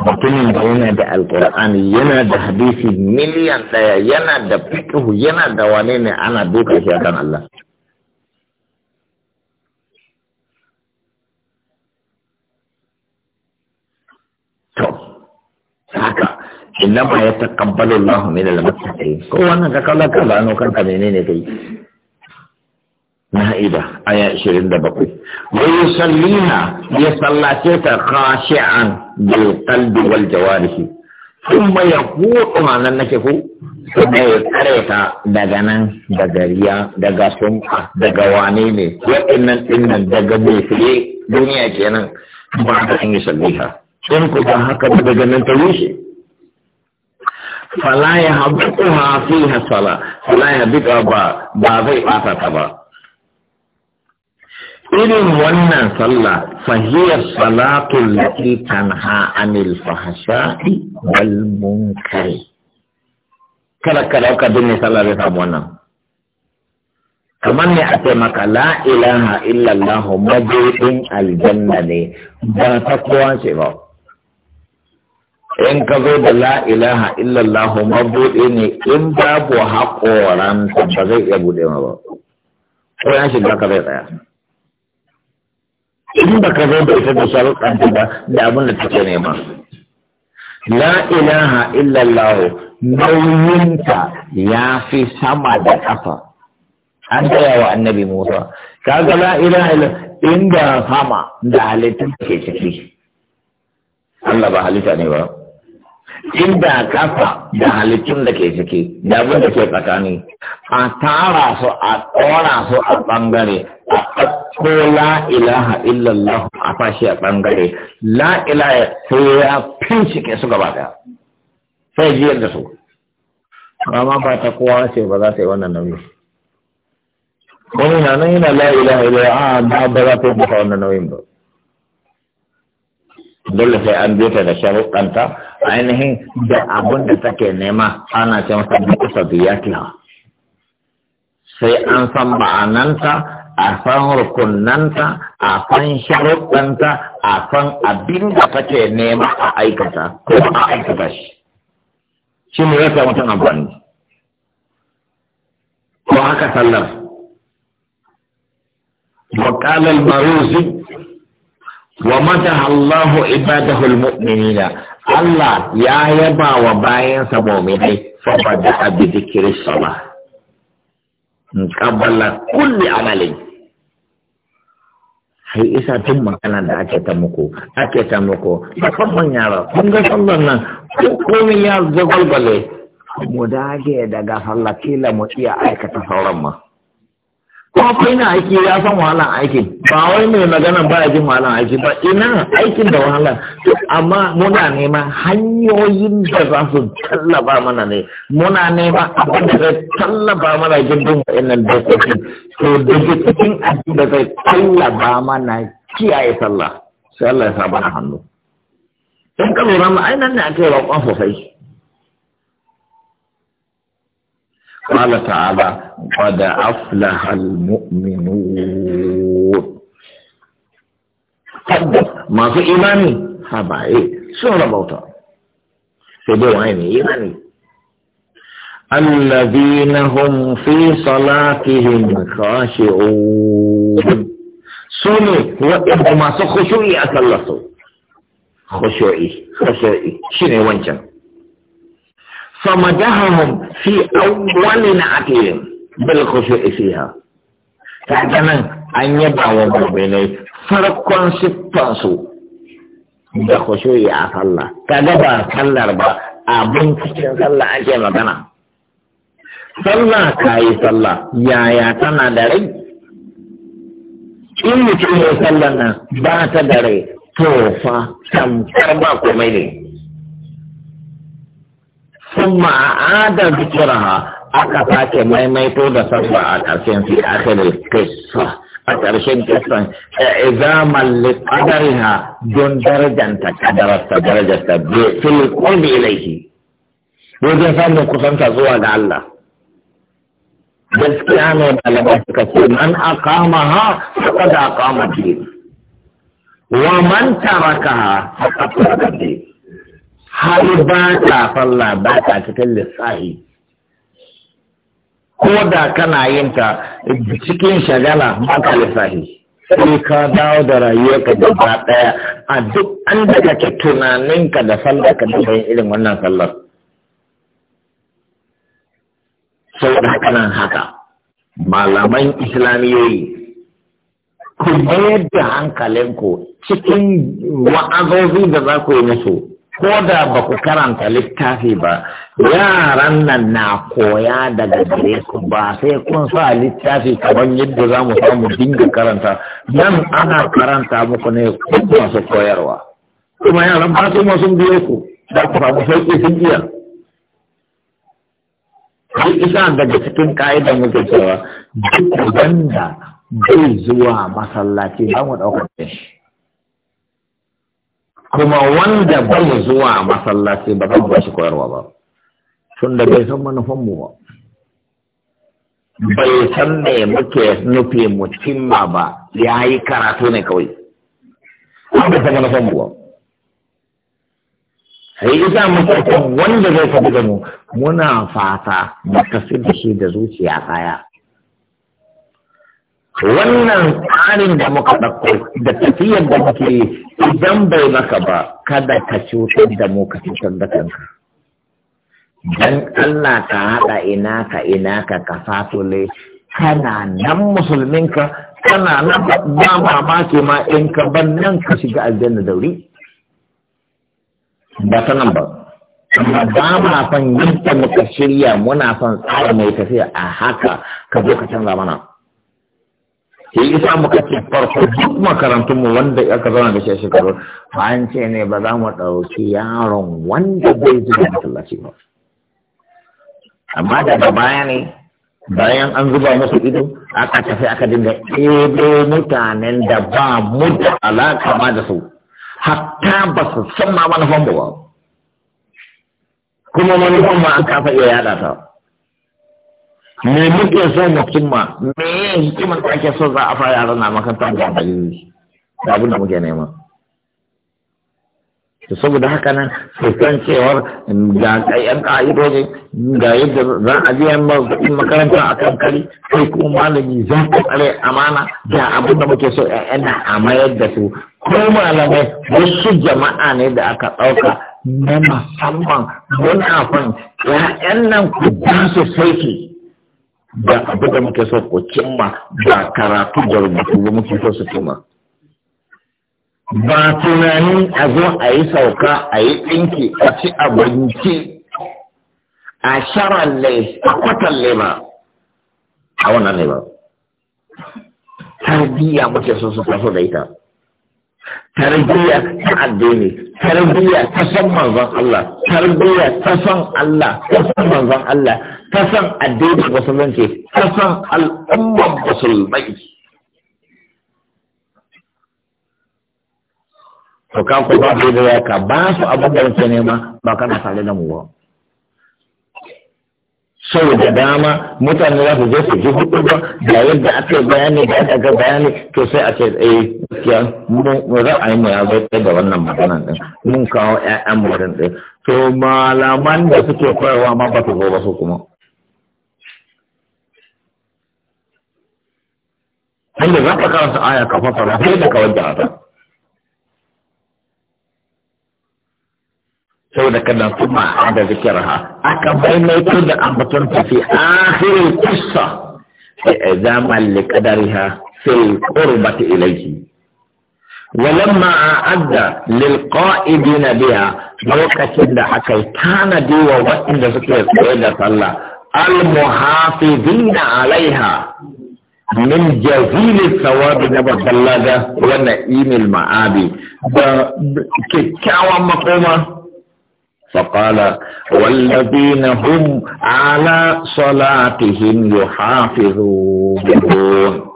mutumin da yana da alkur'ani yana da hadisi miliyan ɗaya yana da fikihu yana da wane ne ana duka shi akan Allah haka inna ma ya taqabbalu Allahu min al-muttaqin ko wannan ka kalla kalla no kan ka menene kai Na'ida aya 27 wa yusallina ya sallace ta khashi'an bil qalbi wal jawarih thumma yaqutu nan nake ko sai ya kare daga nan daga riya daga sun, daga wane ne wa'annan dinnan daga bai fiye duniya kenan ba ta yi sallaha in ku ba haka ba daga nan ta rushe fala ya habitu ha fi hasala fala ya ba ba zai bata ta ba irin wannan sallah fahiyar salatul lati tanha anil fahasha'i wal munkari kada ka dauka duk ne sallah zai samu wannan kamar ne a ce maka la ilaha illallah mabuɗin aljanna ne ba ta kowa ce ba in ka zo da la ilaha illallah ma buɗe ne in babu haƙoran ta ba zai iya buɗe ma ba ko ya shiga ka zai tsaya in ba ka zo da ita da sharuɗan ta ba da abin da take nema la ilaha illallah nauyinta ya fi sama da ƙafa an tsaya wa annabi Musa kaga la ilaha illa inda sama da halittun ke ciki Allah ba halitta ne ba inda kafa da halittun da ke ciki da abin da ke tsakani a tara su a ɗora su a ɓangare a ɗauko la ilaha illallah a fashi a ɓangare la ilaha sai ya fincike su gaba ɗaya sai jiyar da su amma ba ta kowa ce ba za ta yi wannan nauyi wani na nan yana la ilaha illallah a ba ba za ta yi wannan nauyin ba dole sai an bi da sharuɗanta ainihin da abin da take nema ana ce masa da kusa sai an san ma'ananta a san rukunanta a san sharuɗanta a san abin da take nema a aikata ko a aikata shi shi ne ya samu amfani ko haka sallar وقال المروزي wa mata Allahu ibadahu almu'minina Allah ya yaba wa bayansa mu'minai fa bada bi dhikri salah qabla kulli amalin sai isa tun magana da ake ta muku ake ta muku kuma yara kun ga sallan nan ko komai ya zagwalgwale mu dage daga sallah kila mu iya aikata sauran ma ko kai aiki ya san wahalan aikin ba wai mai magana ba jin wahalan aiki ba ina aikin da wahala? amma muna nema hanyoyin da za su tallaba mana ne muna neman abin da zai tallaba mana gindin wa'annan dokokin to daga cikin abin da zai tallaba mana kiyaye sallah sai Allah ya sa hannu in ka lura ma ainihin ne ake roƙon sosai قال تعالى قد أفلح المؤمنون قد ما في إيماني هبعي سورة بوتا في دوائني إيماني الذين هم في صلاتهم خاشعون سوني هو ابن ما أكل أسلسوا خشوعي خشوعي شنو وانشان فمدحهم في أول نعتهم بالخشوع فيها فعندنا أن يبعوا مؤمنين فرقا ستا سوء da khushu'i a sallah kaga ba sallar ba abin cikin sallah ake magana sallah kayi yi sallah yaya tana da rai in mutum ya sallar nan ba ta da rai to fa tamkar ba komai ne ثم عاد ذكرها أكفاك ما يطول صفحة أترسين في آخر القصة أترسين قصة عظاما لقدرها دون درجة أنت قدرت درجة في القرب إليه وجفا نقصان تزوى لعلا بس كانوا بلغت كثير من أقامها فقد أقام كثير ومن تركها فقد تركها har ba ta falla ba ta cikin lissahi ko da kana yin ta cikin shagala ba ka lissahi sai ka dawo da rayuwa rayuwarka ba ɗaya a duk an daga tunaninka da sallar ka da irin wannan sallar sau da haka nan haka malaman islamiyoyi ku mayar da hankalinku cikin wa'azozi da za ku yi musu ko da ba ku karanta littafi ba yaran nan na koya daga gare ku ba sai kun sa littafi kamar yadda za mu samu dinga karanta nan ana karanta muku ne masu koyarwa kuma yaran ba su masu biye ku da ku samu sauƙi sun iya sai isa daga cikin ka'idar muke cewa duk wanda bai zuwa masallaci za mu ɗaukar shi kuma wanda bai zuwa masallaci ba zan ba shi koyarwa ba tun da bai san mu ba bai san me muke nufi mu cimma ba ya yi karatu ne kawai an bai san mu ba sai isa muka wanda zai tafi da mu muna fata mu tafi da shi da zuciya kaya wannan tsarin da muka ɗauko da tafiyar da muke idan bai maka ba kada ka cutar da mu ka cutar da kanka dan Allah ka haɗa ina ka ina ka ka fatule kana nan musulminka kana nan ba mamaki ma in ka ban nan ka shiga aljanna dauri ba ta nan ba amma ba ma son yadda muka shirya muna son tsara mai tafiya a haka ka zo ka canza mana sai isa samu kake farko duk makarantunmu wanda aka zauna da shi a shekaru an ce ne ba za mu ɗauki yaron wanda bai zuba masallaci ba amma daga baya ne bayan an zuba musu ido aka tafi aka dinga ɗebo mutanen da ba mu da alaka ma da su hatta ba su san ma manufan ba kuma manufan ma an kafa iya yada ta Mai muke son na cimma me cimma da ake so za a fara yaran na makaranta da dalili da abin da muke nema to saboda haka nan san cewar ga yi ka'idoji ga yadda za a biya kuɗin makaranta a kan kari sai kuma malami za ka tsare amana da abin da muke so ƴaƴan na a mayar da su ko malamai wasu jama'a ne da aka ɗauka na musamman muna fan ƴaƴan nan ku ba su ke. da abu da muke so ku cimma ba karatu da rubutu da muke so su cimma ba tunanin a zo a yi sauka a yi ɗinki a ci abinci a sharalle a kwatalle ba a wannan lema. ba tarbiyya muke so su taso da ita tarbiyya ta addini tarbiyya ta san manzon Allah tarbiyya ta san Allah ta san manzon Allah ta san addinin musulunci ta san al'ummar musulmai to ka ku ba da ya ka ba su abin da wancan nema ba kana tare da mu ba sau da dama mutane za su je su ji hudu ba da yadda aka yi bayani da aka ga bayani to sai a ce eh gaskiya mun ra'ayi mu ya bai da wannan maganan din mun kawo ƴaƴan mu din to malaman da suke koyarwa ma ba su zo ba su kuma هل ربك قرص آية كفطرة كيدك وجهة سودا كذا ثم عاد ذكرها أكم بين يكون أن بطنك في آخر القصة إعزاما لقدرها في القربة إليه ولما أعد للقائدين بها بوكا كدا حكي كان دي ووطن ذكر سيدة الله المحافظين عليها من جزيل الثواب na ballaga wannan ايم ma'abi da مقومة فقال والذين هم على صلاتهم يحافظون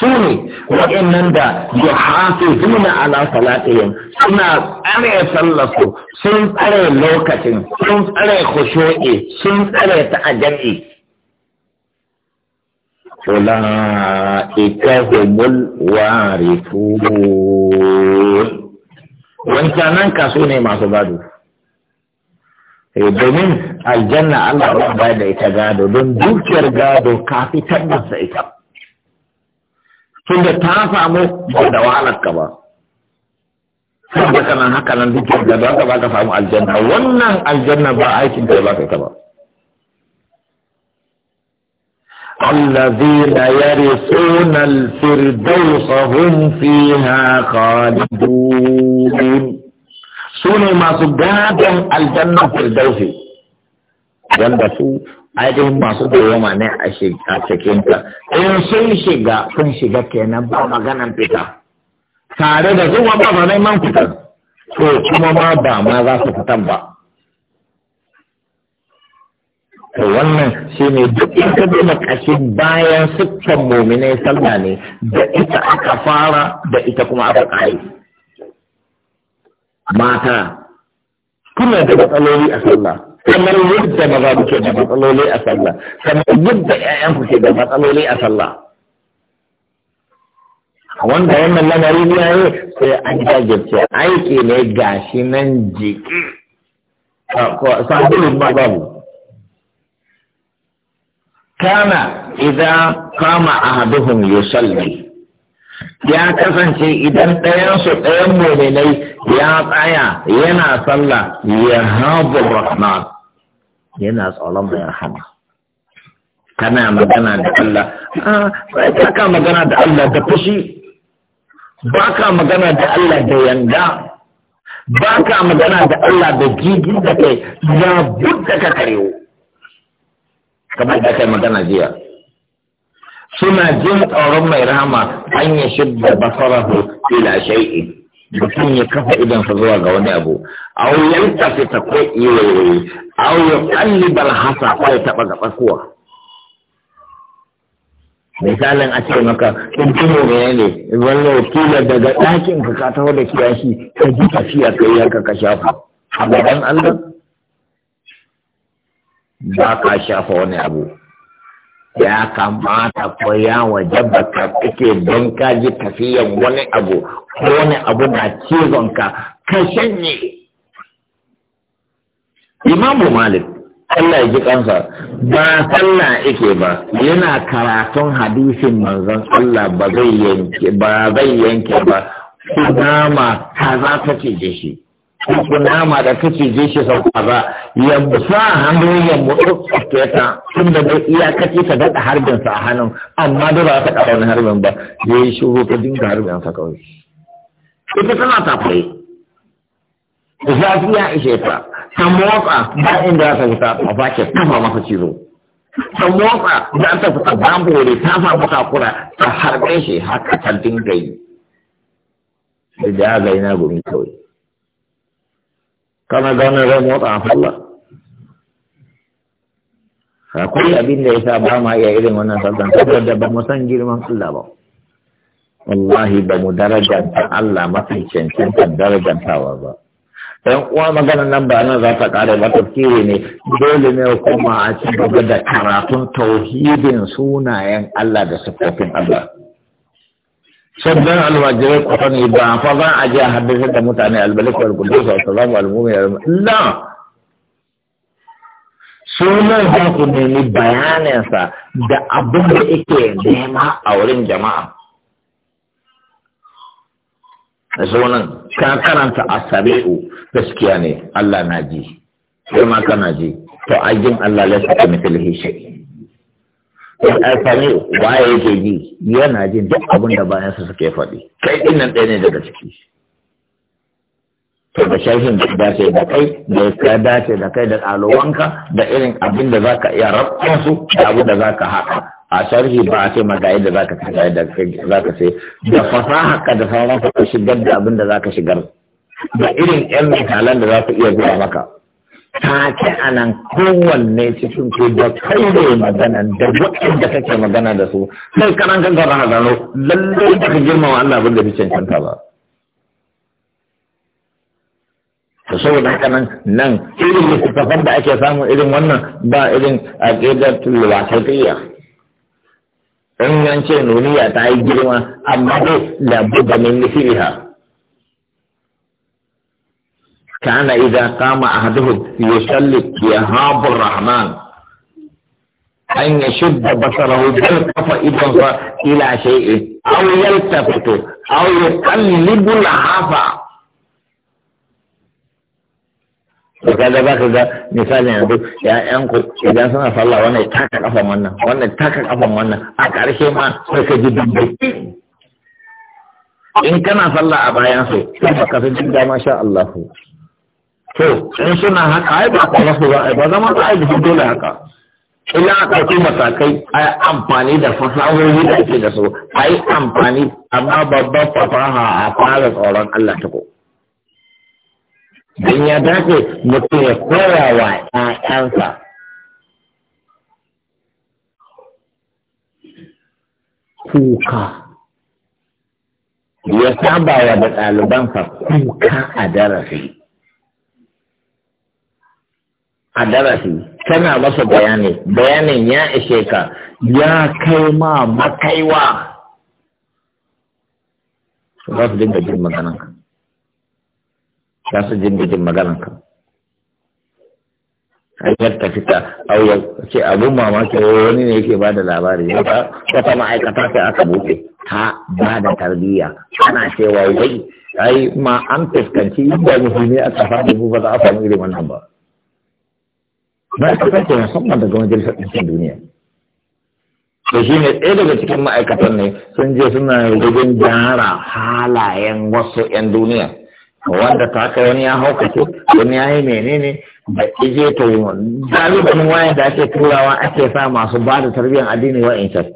سوني وإن دا يحافظون على صلاتهم سنة أري صلصوا سنة أري لوكة سنة أري خشوعي سنة أري تأجمعي أولئك هم wancanan kasu ne masu gado domin aljanna Allah ya ba da ita gado don dukiyar gado ka fi tabbasa ita tunda ta samu ba da wahalar ka ba saboda kana haka nan dukiyar gado ka ba ka samu aljanna wannan aljanna ba aikin da ba ka ita ba الذين يرثون الفردوس هم فيها خالدون masu ما سجاد الجنة الفردوس wanda su ainihin masu dawoma ne a cikin ta in sun shiga sun shiga kenan ba maganan fita tare da zuwa ba ba neman fitar to kuma ma ba ma za su fitan ba to wannan shi ne duk in ka duba kashin bayan sukkan mominai sallah ne da ita aka fara da ita kuma aka kare mata kuna da matsaloli a sallah kamar yadda maza kuke da matsaloli a sallah kamar yadda 'ya'yan kuke da matsaloli a sallah wanda wannan lamarin ya yi sai an jajirce aiki ne gashi nan jiki sabulun ma babu kana idza qama a yusalli ya ya kasance idan su ɗayan muminai ya tsaya yana sallah ya habu rahman yana tsoron mai rahama kana magana da Allah sai ah, ka ka magana da Allah da fushi ba ka magana da Allah da yanda ba ka magana da Allah da gigin da kai labud da ka karewo kamar da kai magana jiya suna jin tsoron mai rahama an ya shidda basarahu ila shay'in mutum ya kafa idonsa zuwa ga wani abu aw tafi ta ko iwaye aw yuqallibal hasa ko ya taba ga kuwa misalin a ce maka in tuno mene ne wannan kila daga ɗakin ka ka taho da kiyashi ka ji tafiya kai haka ka shafa a gaban Allah ba ka shafa wani abu ya kamata ko ya jabba ka kake don ka ji tafiyan wani abu ko wani abu na cizon ka ka shanye imamu malik Allah ya ji kansa ba sallah ike ba yana karatun hadisin manzon Allah ba zai yanke ba zai yanke ba kunama kaza ta ce shi nama da take je shi sau kaza ya sa hannu ya mutu ta tun da iya iyakaci ka daɗa harbin sa a hannun amma da ba ta ƙara wani harbin ba ya yi shigo ta dinga harbin sa kawai ita tana tafai zafi ya ishe ta ta motsa ba inda za ta fita a bakin kafa masa cizo ta motsa za ta fita babu wuri ta samu kura, ta harbe shi haka ta dinga yi da ya zaina gumi kawai kana gane rai motsa a A akwai abin da sa ba ma iya irin wannan sallan saboda ba mu san girman Allah ba wallahi ba mu darajanta Allah mafi cancantar darajantawa ba dan uwa magana nan ba nan za ta kare ba tafkiri ne dole ne kuma a ci gaba da karatun tauhidin sunayen Allah da sifofin Allah sabbin almajirai kwatan ne ba fa za a je a haddasa da mutane albalikar kudus a salamu al'ummi la sunan za ku nemi bayaninsa da abin da yake nema a wurin jama'a sunan ka karanta a sabi'u gaskiya ne Allah na ji kuma kana ji to ajin Allah sa ka mithlihi shay'in alfani waye yake ji yana jin duk abin da su suke faɗi kai nan ɗaya ne daga ciki to da shafin da ke da kai da ya dace da kai da ɗalibanka da irin abin da zaka iya rabta su da abin da zaka haɗa a sharhi ba a ce ma ga yadda zaka ce ga yadda zaka ce da fasaha ka da sauran ka shigar da abin da zaka shigar da irin 'yan misalan da zaka iya zuwa maka take nan kowanne cikin ko da kai da magana da waɗanda kake magana da su sai kanan kan gaba na gano lalle da ka girmama Allah abin da bincin kanta ba to saboda haka nan nan irin littattafan da ake samu irin wannan ba irin aqidatul wasatiyya in yance nuniya ta yi girma amma dai labu da min كان إذا قام أحدهم يسلك يهاب الرحمن أن يشد بصره بالقف إبنه إلى شيء أو يلتفت أو يقلب العافى to kaga za ka ga misalin yanzu ƴaƴanku idan suna sallah wannan taka kafan wannan wannan taka kafan wannan a ƙarshe ma sai ka ji dubbe in kana sallah a bayan su sai sha Allah to in suna haka ai ba kwanar su ba ba zama ta aiki dole haka ina a ɗauki matakai a yi amfani da fasahohi da ake da su a yi amfani amma babban fasaha a fara tsoron Allah ta ko. Don ya dace mutum ya koya wa ‘ya'yansa. Kuka. Ya saba wa da ɗalibansa kuka a darasi. a darasi tana masa bayani bayanin ya ishe ka ya kai ma makaiwa za su dinga jin magananka za su dinga jin magananka hanyar ta fita au ya ce abin mamaki wani ne yake bada labari wata ma'aikata sai aka buɗe ta ba da tarbiyya ana cewa wai ai ma an fuskanci a musulmi aka faɗi ba za a samu irin wannan ba ma'aikatar ke musamman daga majalisar ɗinkin duniya da shi ne ɗaya daga cikin ma'aikatan ne sun je suna rigin gyara halayen wasu 'yan duniya wanda ta kai wani ya haukace wani ya yi menene da ije ta yi galibin wayan da ake turawa ake sa masu ba da tarbiyyar addini wa incan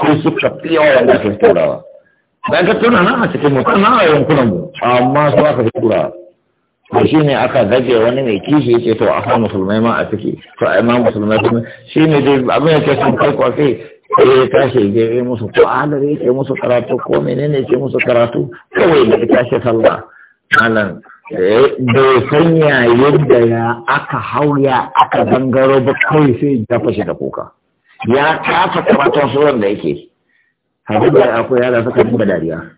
su suka fi yawa wanda ake turawa da ga tuna a cikin mutum na a yankunan mu amma su aka fi turawa to shi ne aka zage wani mai kishi ya ce to a kan musulmai ma a ciki to a ma musulmai kuma shi ne dai abin da ke sun kai kwafi sai ya tashi ya yi musu ko alar ya ke musu karatu ko menene ke musu karatu kawai da ya tashi sallah malam eh, ya sanya yadda ya aka hauya aka gangaro ba kawai sai ya fashe da kuka ya kafa karatun suran da yake hadin da akwai da suka duba dariya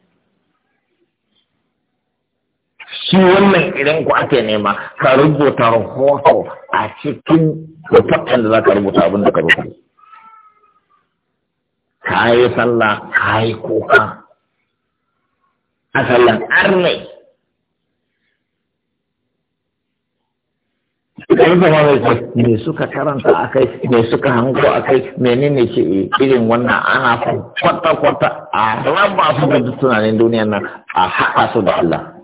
shi wannan idan ku ake nema ka rubuta rahoto a cikin rahoton da za ka rubuta abin da ka rubuta ka yi sallah ka yi kuka a sallan arnai kai da mai ce me suka karanta a kai, me suka hango akai menene ke irin wannan ana kwata kwata a raba su da tunanin duniyar nan a haɗa su da Allah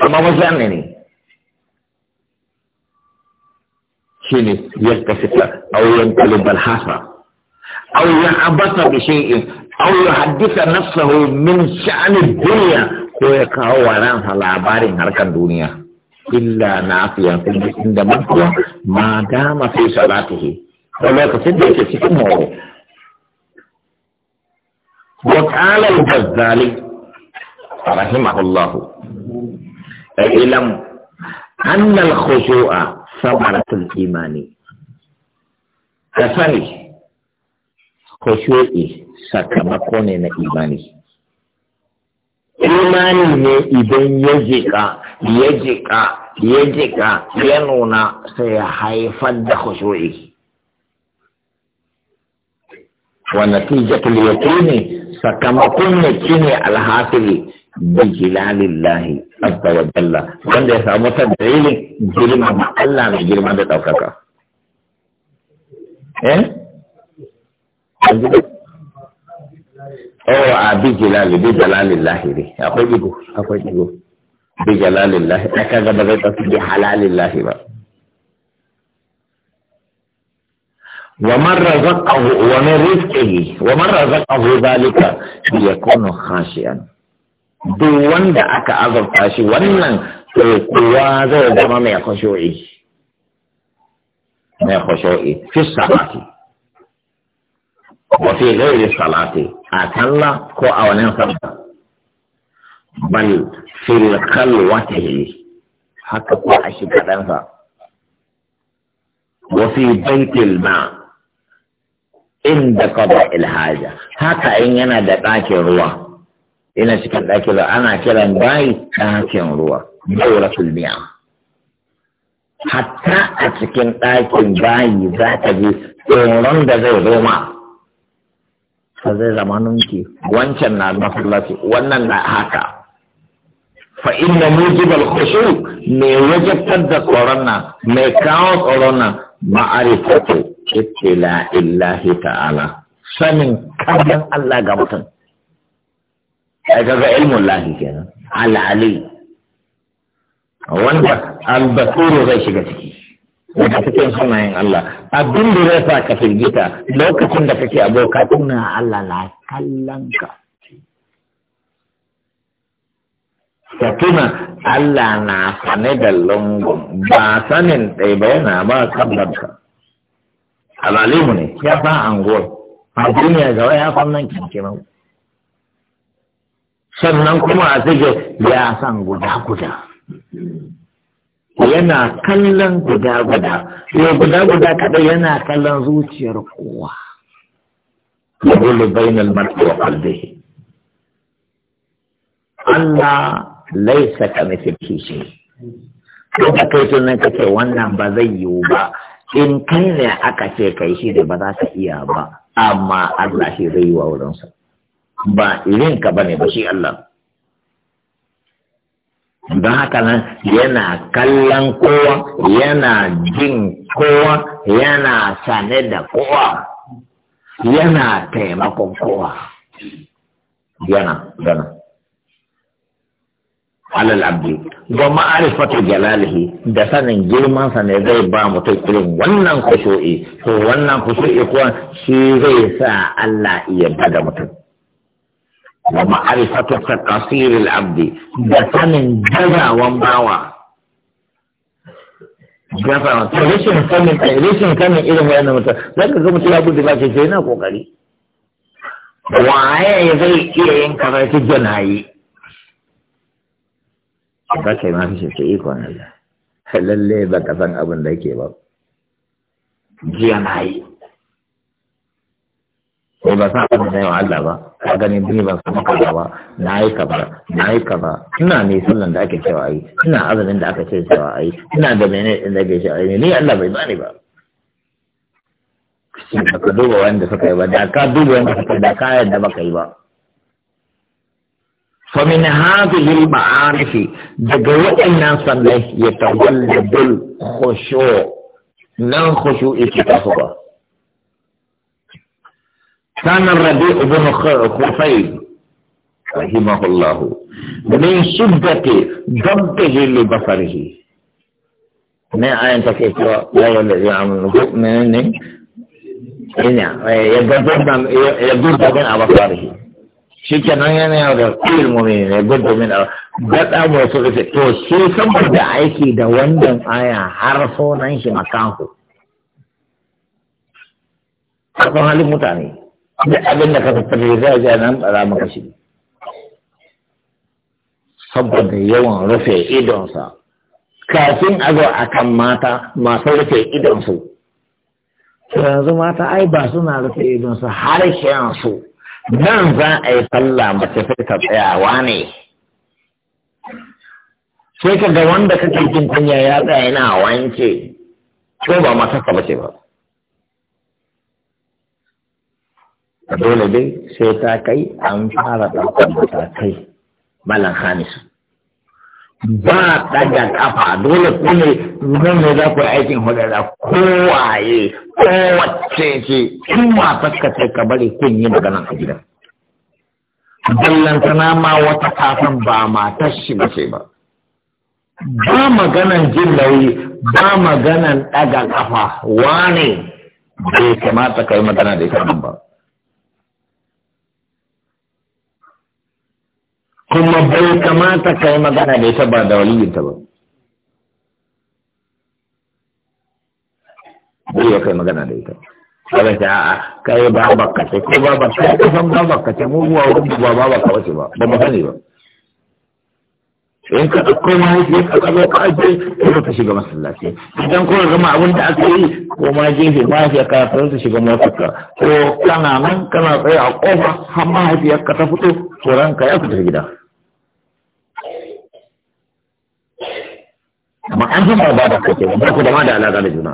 amma ini? Sini, shi kasih yadda fita auyen kalibar hasa auyen abasa da shi'in auyen haddisa nafsahu min sha'anin duniya ko ya kau wa ransa labarin harkar dunia. illa nafi yang tinggi indah ma dama fi salatihi da lokacin da yake cikin mawa وقال الغزالي رحمه Rahimahullahu. اعلم أن الخشوع ثمرة الإيمان كفني خشوعي سكمكوني إيماني imani ne idan ya jika ya jika ya jika ya nuna sai ya haifar da khushu'i wa natijatul yaqini sakamakon ne shine alhasili بجلال الله عز وجل wanda ya samu ta dalilin girma ma Allah mai girma da ɗaukaka. Eh? Oh, a bi jilali, bi jalalin lahiri, akwai igo, akwai igo, bi jalalin lahiri, aka gaba zai tafi bi halalin lahi ba. ومن رزقه ومن رزقه ومن رزقه ذلك ليكون خاشئا duk wanda aka azurta shi wannan to kowa zai zama mai khushu'i mai khushu'i fi salati wa fi ghairi salati a talla ko a wani sabba bal fil khalwatihi haka ko a shiga ɗansa wa fi baitil ma inda qada il haja haka in yana da ɗakin ruwa Ina cikin ɗakin ana kiran bayi ɗakin ruwa dauratul ni'am hatta a cikin ɗakin bayi za ka ji tsoron da zai zo ma ka zai zama wancan na masallaci wannan na haka fa inna mujibal khushu me wajabtar da tsoron nan me kawo tsoron nan ma'arifatu ittila illahi ta'ala sanin kallon Allah ga mutum ai kaga ilmun lahi kenan al'ali wanda albasuru zai shiga ciki daga cikin sunayen Allah abin da zai sa ka firgita lokacin da kake aboka tuna Allah na kallon ka tuna Allah na sane da lungun ba sanin ɗai ba yana ba kallon ka alalimu ne ya fa anguwar a duniya gawa ya fannan kinkinau sannan kuma a tsige ya san guda guda yana kallon guda guda yau guda guda kaɗai yana kallon zuciyar kowa yaqulu bainal mar'i wa qalbihi Allah laisa ka mithlihi shi. ko ka kai tunan kace wannan ba zai yiwu ba in kai ne aka ce kai shi da ba za ka iya ba amma Allah shi zai yi wa wurinsa ba irin ka bane ba shi Allah don haka nan yana kallon kowa yana jin kowa yana sane da kowa yana taimakon kowa yana gana alal abdi wa ma'arifatu jalalihi da sanin girman sa ne zai ba mutum irin wannan kushu'i to wannan kushu'i kuwa shi zai sa Allah iya bada mutum wa ma'arifatu taqasiril abdi da sanin gazawan bawa gazawa ta sanin irin mutum zan ka da sai na kokari waye zai iya yin kaza janayi ba kai ma fi shi ikon Allah lalle ba ka san abin da yake ba janayi ko ba san abin da yawa Allah ba ka gani ni ban san kaza ba na yi kaza na yi kaza ina ne sallan da ake cewa yi ina azumin da aka ce cewa yi ina da mene din da ake cewa yi ni Allah bai bani ba ba ka duba wanda suka yi ba da ka duba wanda suka yi da ka yadda baka yi ba فمن هذه المعارف دقوا إن صلى يتولد الخشوع نان خشوع اتفاقه كان الربيع بن خفيف رحمه الله من شدة ضبطه لبصره ما يعني آية تكتب لا يلي يعمل من إنا يضرب يضرب من أبصاره شكا نعينا يضرب كل مؤمنين يضرب من أبصاره بدأ موسوعة توسي duk abin da ka tattare za a ga nan ba maka shi. saboda yawan rufe idonsa kafin a zo a kan mata masu rufe idonsu yanzu mata ai ba suna rufe idonsu har su nan za a yi sallah mace sai ta tsayawa ne sai ka ga wanda kake jin kunya ya tsaya yana wanke ko ba matarsa ba ce ba dole dai sai ta kai an fara ɗaukar matakai malam hamis ba ɗaga ƙafa dole ku ne nan ne za ku yi aikin hulɗa kowaye kowace ce tun ma fuska ta ka bari kun yi magana a gidan ballantana ma wata kafan ba matar shi ba sai ba ba maganan jin nauyi ba maganan ɗaga ƙafa wane bai kamata ka yi magana da ita ba kuma bai kamata ka yi magana da ita ba da waliyinta ba bai ya kai magana da ita kada ta a'a kai ba baka ce ko ba baka ce ko san ba baka ce mu ruwa wani ba ba baka wace ba ba mu sani ba in ka ɗauko mahaifiyar ka ɗago ka ajiye ko ta shiga masallaci idan ko gama abin da aka yi ko ma gefe mahaifiyar ka ta ta shiga motarka ko kana nan kana tsaye a ƙofa har mahaifiyar ka ta fito tsoron ka ya fita gida amma an san ba da kake ba ku da ma da alaka da juna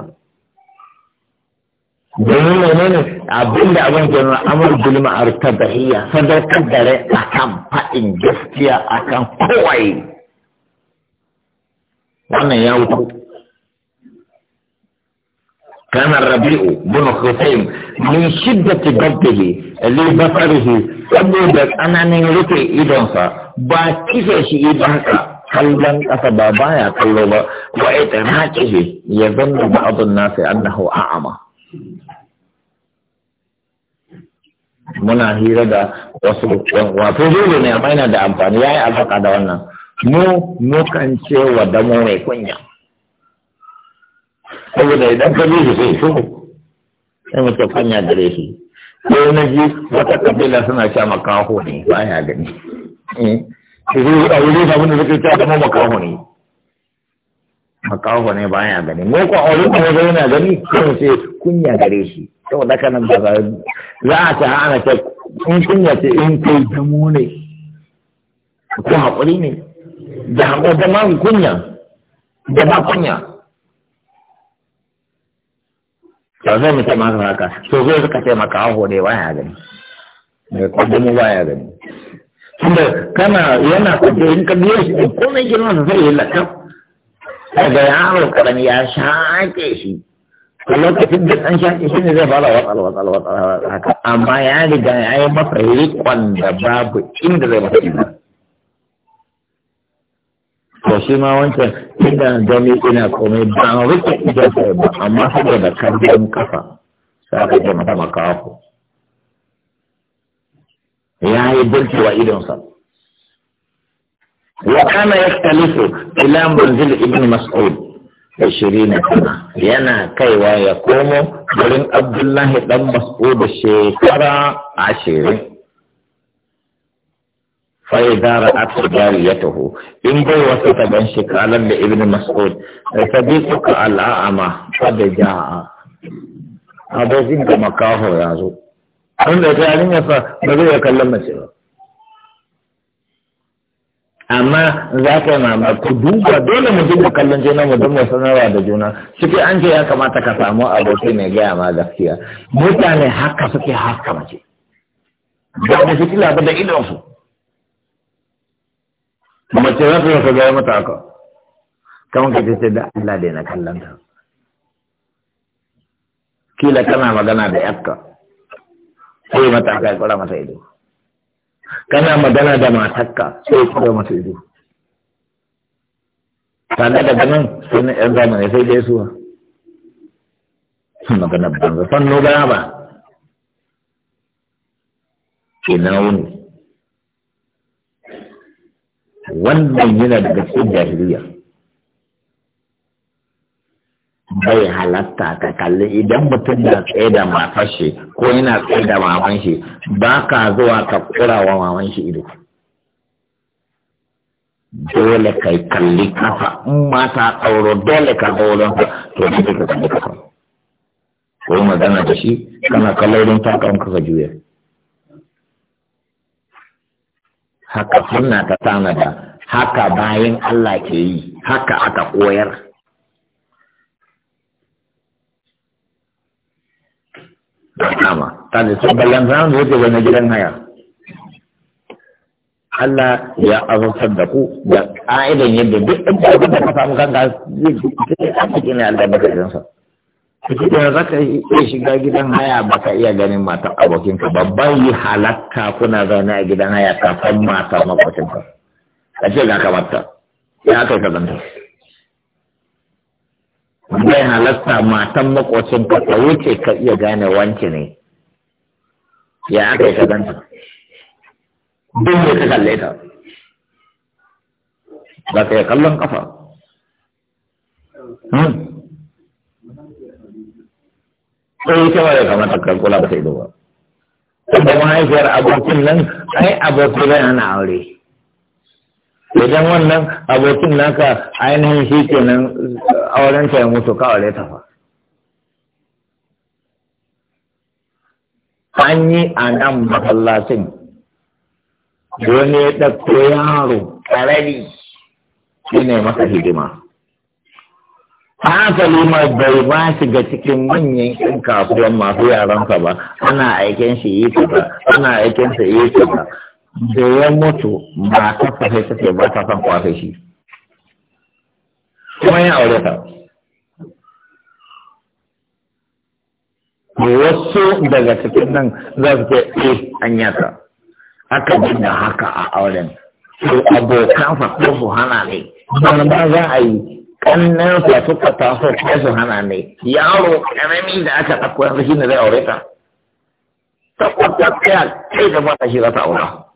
domin ne abin da abin ke nuna amur gulma a tabahiyya sadaukar da rai a kan faɗin gaskiya a kan kowai wannan ya wuce كان الربيع بن خثيم من شدة بده لبصره saboda tsananin rufe idonsa ba kife shi idonsa kallon ƙasa ba baya kallo ba wa itiraqihi ya zanna ba ba'dun nasi annahu a'ama muna hira da wasu wato dole ne amma yana da amfani yayi alfaka da wannan mu kan ce wa damo mai kunya saboda idan ka ji sai shi sai mutum kunya gare shi ko na ji wata kabila suna sha makaho ne ya gani eh. ki zo da wuri da wanda zai ta kuma makaho ne makaho ne baya gani mu ko aure ko zai yana gani kun ce kunya gare shi saboda kana ba za a ta ana ta kun kunya ce in kai damu ne ko hakuri ne da hakuri da man kunya da ba kunya ba zai mutum haka to zai suka ce makaho ne baya gani mai kwadamu baya gani tunda kana yana kuɗe in ka biyo shi komai girman da zai yi lakka daga yaro karami ya shaƙe shi a lokacin da an shaƙe shi ne zai fara watsal watsal watsal haka amma ya riga ya yi masa riƙon da babu inda zai masa ina to shi ma wancan inda gani ina komai ba rike idan ba amma saboda karfin kafa sai aka ce masa makaho ya yi birki wa idonsa. Wa kana ya talifu ila manzil ibn Mas'ud da shirina yana kaiwa ya komo garin Abdullahi dan Mas'ud da shekara ashirin. Fai zara a ya taho, in bai wasu taɓan shekalar da ibn Mas'ud, da ta bi suka al'a'ama, ta da ja'a, a bai da makaho ya zo. wanda ya kai sa ba zai ya kallon mace ba amma za ka yi mama ku duba dole mu duba kallon juna mu duba sanarwa da juna suke an ce ya kamata ka samu aboki mai gaya ma gaskiya mutane haka suke haska mace ba da kila ba da idonsu mace za su yi ka gaya mata haka kama ka ce da Allah da na kallon ta kila kana magana da yakka sai mata ka kura mata ido kana magana da matakka sai kura mata ido tare da ganin sun yan zamani sai dai suwa magana banza gana ba ba ina wuni wannan yana daga cikin jahiliya bai halatta ka kalli idan mutum na tsaye da matar ko yana tsaye da maman shi ba ka zuwa ka kura wa maman shi ido dole ka kalli kafa in ma ta tsauro dole ka ga wurin to da ka kalli kafa ko yi magana da shi kana kallon don ta kan kafa juya haka sunna ta tanada haka bayan Allah ke yi haka aka koyar ta ne sun bayan zan zo ke wani gidan haya Allah ya azurtar da ku da ƙa'idan yadda duk inda ƙarfi da ka samu kanka zai a cikin albarkacinsa. Cikin da za ka iya shiga gidan haya baka iya ganin mata abokinka babban yi halatta kuna zaune a gidan haya kafin mata makwacinka. A ce ga kamata, ya kai ka zanta. bai halatta matan makocin ka wuce ka iya gane wanki ne ya aka yi ka ganta duk da ka kalle ta ba ka yi kallon kafa hmm. Ko yi ba da kamata kula ba ta ido ba. Kuma mahaifiyar abokin nan, ai abokin nan na aure. idan wannan abokin naka ainihin shi nan aurenta ya mutu ka aure ta fa an yi a nan masallacin wani ya ɗauko yaro ƙarari shi ne masa hidima haka lima bai ba shi ga cikin manyan ƴan kasuwan masu yaransa ba ana aikin shi yi ba ana aikin sa yi ta da ya mutu ba a ta ce ba ta son kwafe shi kuma ya aure ta wasu daga cikin nan za su ce eh an yata aka da haka a auren to abokan fa su hana ne wani ba za a yi kannan sa suka taso ko su hana ne yaro karami da aka ɗauko yanzu shi ne zai aure ta tabbata tsaya kai da ba ta shi za ta aura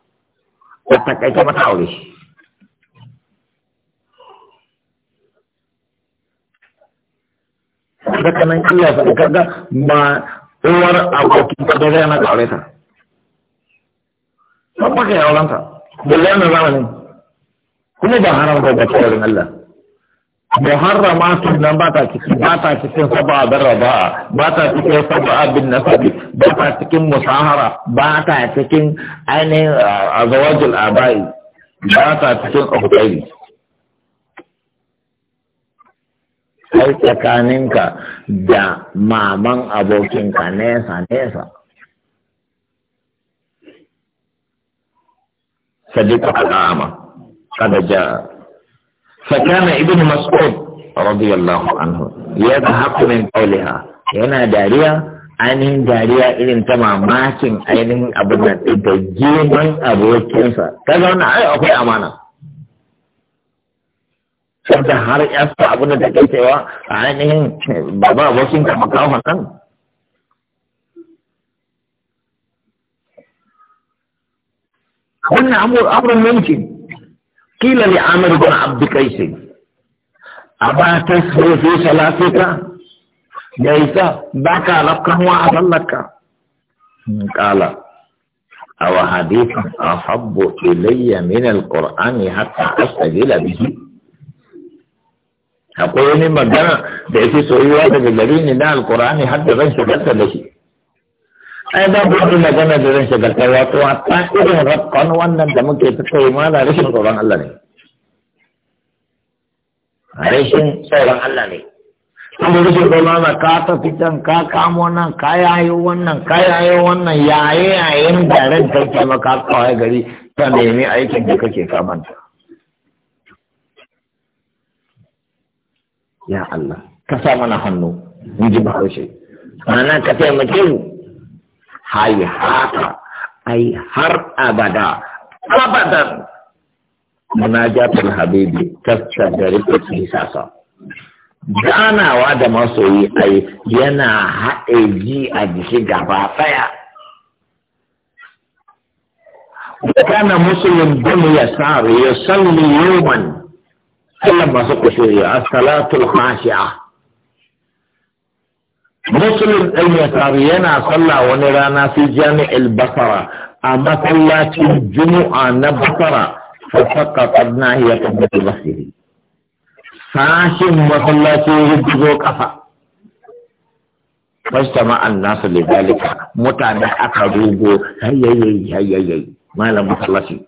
ko ta kai mata aure daga nan Allah ya kaga ba uwar abokin ka da yana ka yi auren ta kuma ba haram ga cewa Allah muharramatun nan ba ta cikin ba ta cikin saba'a bin raba'a ba ta cikin saba'a abin nasabi ba ta cikin musahara ba ta cikin ainihin azawajul abai ba ta cikin ukhubairi kai tsakaninka da maman abokinka nesa nesa sadiqa al'ama kada ja فكان ابن مسعود رضي الله عنه يضحك من قولها هنا داريا ainihin dariya irin ta mamakin ainihin abin nan da girman abokinsa ta zauna ai akwai amana sabda har yasta abin da take cewa ainihin baba abokin ka makawa nan wannan amurin mulki kila li amir bin abdi kaisi a ba ta sofi salafika da isa ba ka rafkanwa a sallarka kala a wa hadithan a habbo ilayya min alqur'ani hatta astajila bihi akwai wani magana da yake soyuwa daga gari ne na alqur'ani har da zan shigar da shi ai babu wani magana da zan shagaltar wato ta irin rakon wannan da muke fito yi da rashin tsoron Allah ne rashin tsoron Allah ne an da rashin tsoron Allah ka ta fitan ka kamo nan ka yayo wannan ka yayo wannan yaye yayin da ran ke maka kawai gari ta nemi aikin da kake kamanta ya Allah ka sa mana hannu in ji ba haushi ana ka taimake mu haihata ai har abada abadan munajatul habibi tafsir da rikici sasa ganawa da masoyi ai yana haɗe ji a jiki gaba ɗaya وكان مسلم بن يسار يصلي يوما masu ما سقط الصلاة الخاشعة muslim ya yasari yana sallah wani rana fi jami'il basara a masallacin juma'a na basara fa saqata nahiyatan bil basiri sashin masallaci rubuzo kafa fastama annasu lidalika mutane aka rubo hayyayi hayyayi malam masallaci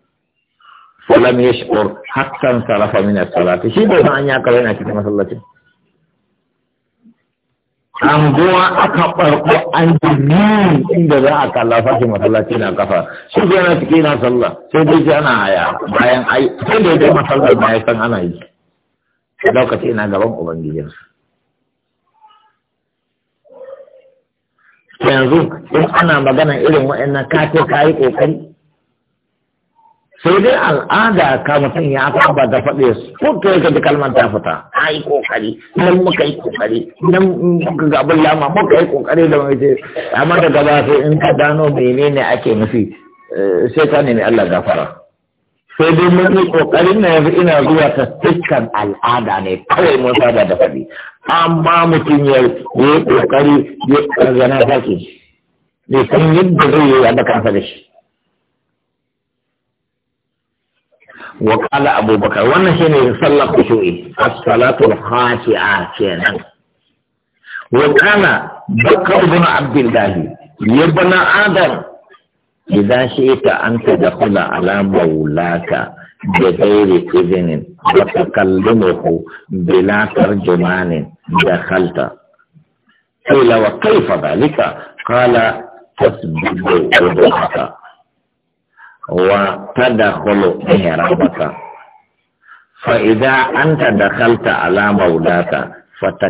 falam yashkur hakan sarafa min as-salati shi bai san an ya kare na cikin masallacin anguwa aka barko an jirgin inda za a kalla fashe masallaci na kafa su ke na cike na sallah sai dai ji ana haya bayan ai sai dai dai masallar ma ya san ana yi sai lokaci ina gaban ubangijinsa yanzu in ana magana irin wa'annan kace kayi ka yi kokari sai dai al'ada ka mutum ya saba da faɗe ko kai ka ji kalmar ta fita a yi kokari nan muka yi kokari nan muka ga abin lama muka yi kokari da mai ce amma da gaba sai in ka gano menene ake nufi eh, sai ka nemi Allah gafara sai dai mun yi kokarin na yanzu ina zuwa ta dukkan al'ada ne kawai mun saba da faɗi amma mutum ya yi kokari ya ƙargana sake ne san yadda zai yi ya da kansa da shi wa Abubakar wannan shi ne sallar kusuri a salatul haki kenan wa kala bakar bin abdullahi ya bana adam ya za shi ita an ta da kula alama wulata da zaire izinin da ta kalli mako bilatar jimanin da kalta kai lawa kai fadalika kala tasbido da Wa ta da kolo ɗin yara wasa? Fa'iza an ta da karta alama wudata fa ta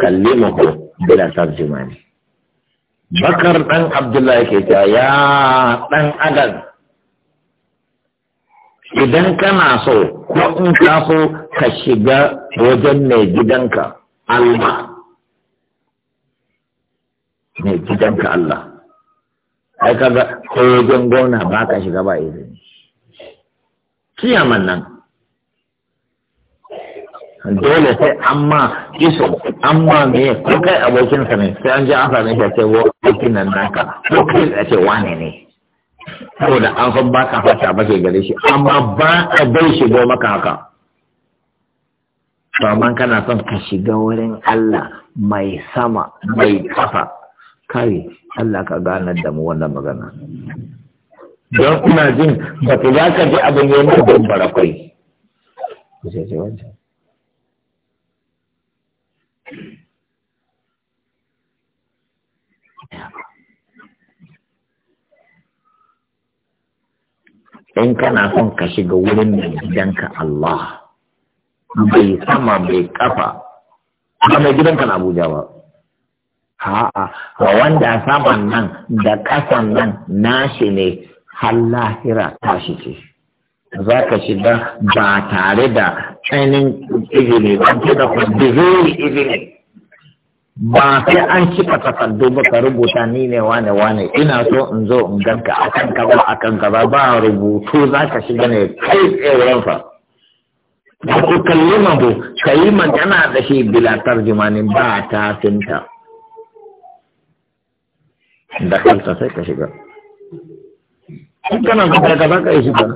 kalli mako daga tanzimali. Bakar ɗan Abdullahi ke sha'ara ɗan adaga. Idan kana so, ko in kako ka shiga wajen mai gidanka Allah? ai kaga ko wajen gwamna ba ka shiga ba izini kiyaman nan dole sai amma iso amma me ko kai abokinsa ne sai an ji an sami shi a ce abokin nan naka ko kai a ce wane ne saboda an san ba ka fata ba ke gare shi amma ba a bai shigo maka haka to amma kana son ka shiga wurin Allah mai sama mai kafa kai Allah ka ganar da mu wannan magana don ina jin ba ta za ka ji abin yi na don barakwai in kana son ka shiga wurin mai gidanka Allah bai sama bai kafa ba mai gidanka na Abuja ba A'a, ga wanda saman nan da kasan nan nashi ne har lahira tashi ce. Za ka shiga ba tare da tsanin izini ba, ce da kwanzuri izini. Ba sai an cika takardu ba ka rubuta ni ne wane wane ina so in zo in ganka akan a akan kaza ba rubutu za ka shiga ne kai tsaye fa. Ba ku kalli mabu, ka magana da shi bilatar jimanin ba ta finta. da kanta sai ka shiga in kana da ka za yi shiga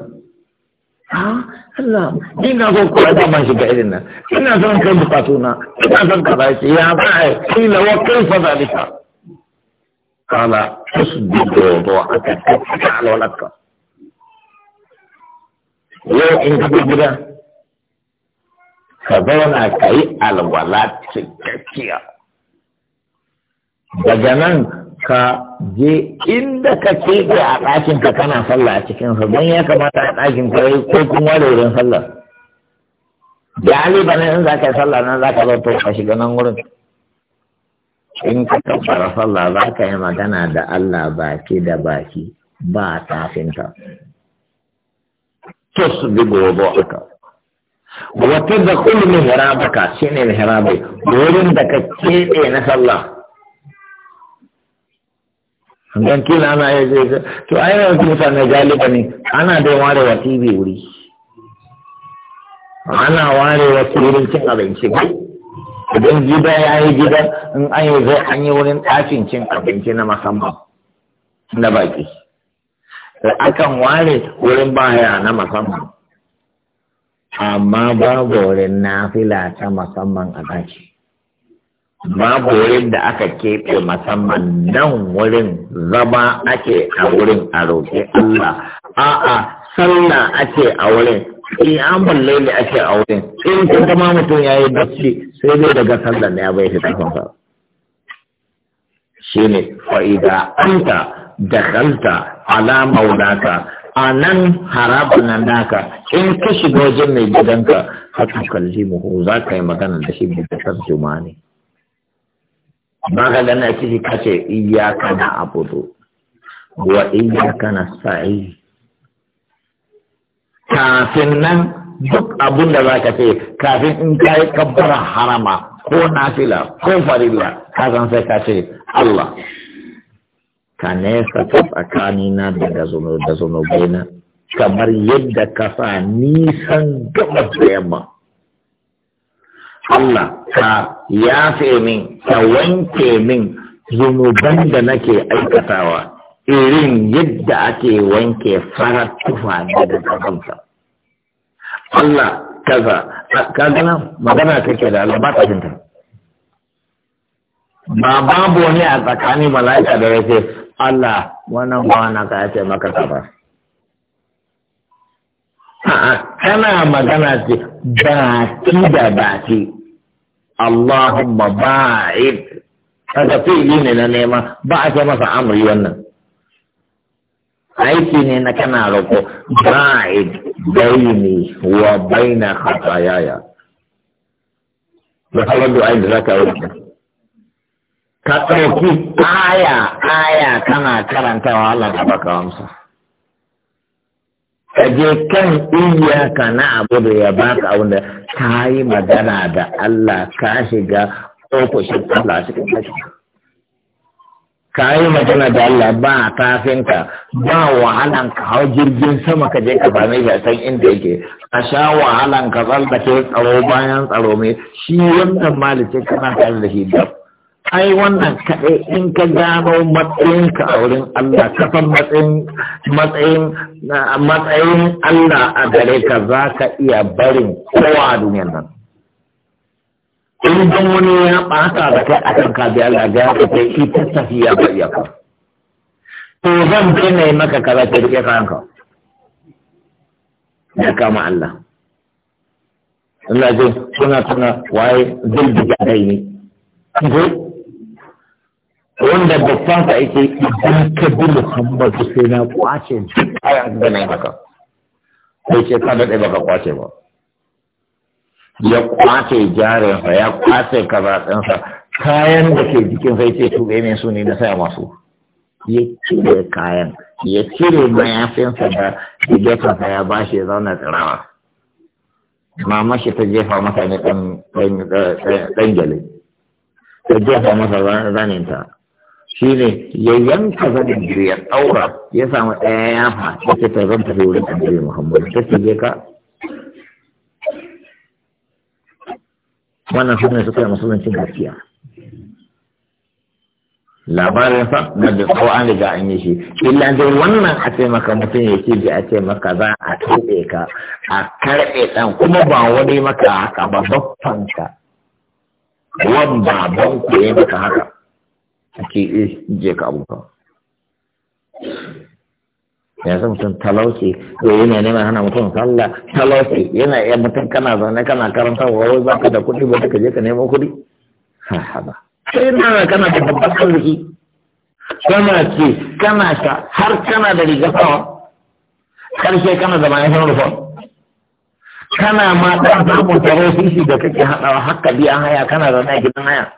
ah, Allah ni na so ko da ban shiga irin nan ina son kai bukatu na ina son ka ba shi ya ba ai kila wa kaifa zalika kala tusbidu wudu'aka hatta alwalaka yau in ka gida ka zauna ka yi alwala cikakkiya daga nan ka je inda ka ce ga a ɗakin ka kana sallah a cikin sa don ya kamata a ɗakin ka ko kun ware wurin sallah da aliba ne in za ka yi sallah nan za ka zo to ka shiga nan wurin in ka tabbara sallah za ka yi magana da Allah baki da baki ba tafinta tusbigu wudu'aka wa tadkhulu mihrabaka shine mihrabi wurin da ka keɓe na sallah don kila ana iya je to a yana wasu mutane galiba ne ana dai ware wa tv wuri ana ware wa wurin cin abinci idan gida ya yi gida in an yi zai an yi wurin ɗakin cin abinci na musamman na baki akan ware wurin baya na musamman amma babu wurin nafila ta musamman a baki babu wurin da aka keɓe musamman nan wurin zama ake a wurin a roƙi Allah a'a sallah ake a wurin in an ake a wurin in ka mutum ya yi bacci sai dai daga sallah ne ya bai shi ka. shi ne fa'ida anta da kanta ala maulaka a nan nan naka in ka shiga wajen mai gidanka haka kalli muhu za yi magana da shi da juma'a ne ba ka gana ciki kace iyaka na abudu wa iyaka na sa'i kafin nan duk abun da za ka ce kafin in ka yi kabbara harama ko nafila ko farilla ka san sai ka ce Allah ka nesa ta tsakanina daga zunubai na kamar yadda ka sa nisan gabas da yamma Allah ka yafe min ka wanke min zunuban da nake aikatawa irin yadda ake wanke farar tufa da kazanta Allah kaza ka gana magana kake da Allah ba ta jinta ba babu wani a tsakanin mala'ika da rake Allah wannan ba na ka yace maka kaza a'a kana magana ce ba ki da ba ki Allahumma ba'id kaga fi'li ne na nema ba a masa amri wannan aiki ne na kana roƙo ba'id baini wa baina khatayaya da kallon du'a da zaka yi ka ɗauki aya aya kana karantawa Allah ta baka amsa ka je kan iyaka na abu da ya baka abin da ta yi magana da Allah ka shiga ofishin Allah cikin ka yi magana da Allah ba kafinka ba wahalan ka hau jirgin sama ka je ka same san inda yake a sha wahalan ka tsallake tsaro bayan tsaro mai shi wannan malice kana tare da shi ai wannan kaɗai in ka gano matsayinka a wurin Allah kafan matsayin matsayin Allah a gare ka za ka iya barin kowa a duniyar nan in don wani ya ɓata da kai akan ka biya Allah ga ka kai shi ta tafiya ba iya ka to zan daina yi maka kaza ta rike kanka ya kama Allah Allah ji suna suna waye zai ga dai ne wanda babban ka yake idan ka bi Muhammadu sai na kwace duk yanzu da na haka ko ke ka daɗe baka kwace ba ya kwace jarinsa ya kwace kazaɗinsa kayan da ke jikin sai ce tuɓe ne su ne na saya masu ya cire kayan ya cire mayafinsa da jefansa ya bashi ya zauna tsirawa mama shi ta jefa masa ne ɗan gyale ta jefa masa zaninta shi ne ya yanka zanin biyu ya ɗaura ya samu ɗaya yafa ya ce ta zanta tafi wurin annabi muhammadu ta ce ka wannan ne suka yi musuluncin gaskiya labarin sa na da tsawo an riga an yi shi illa dai wannan a ce maka mutum ya ce ji a ce maka za a tuɓe ka a karɓe ɗan kuma ba wani maka haka ba babban ka wanda baban ku ya maka haka ake eh, je ka abuka ya san mutum talauci ko yana nema hana mutum sallah talauci yana iya mutum kana zaune kana karanta wa wai baka da kuɗi ba ka je ka nemo kuɗi ha ha sai na kana da babban arziki kana ce kana sha har kana da riga sawa karshe kana da bayan sanar rufa kana ma ɗan samun taro sisi da kake haɗawa haka biya haya kana zaune a gidan haya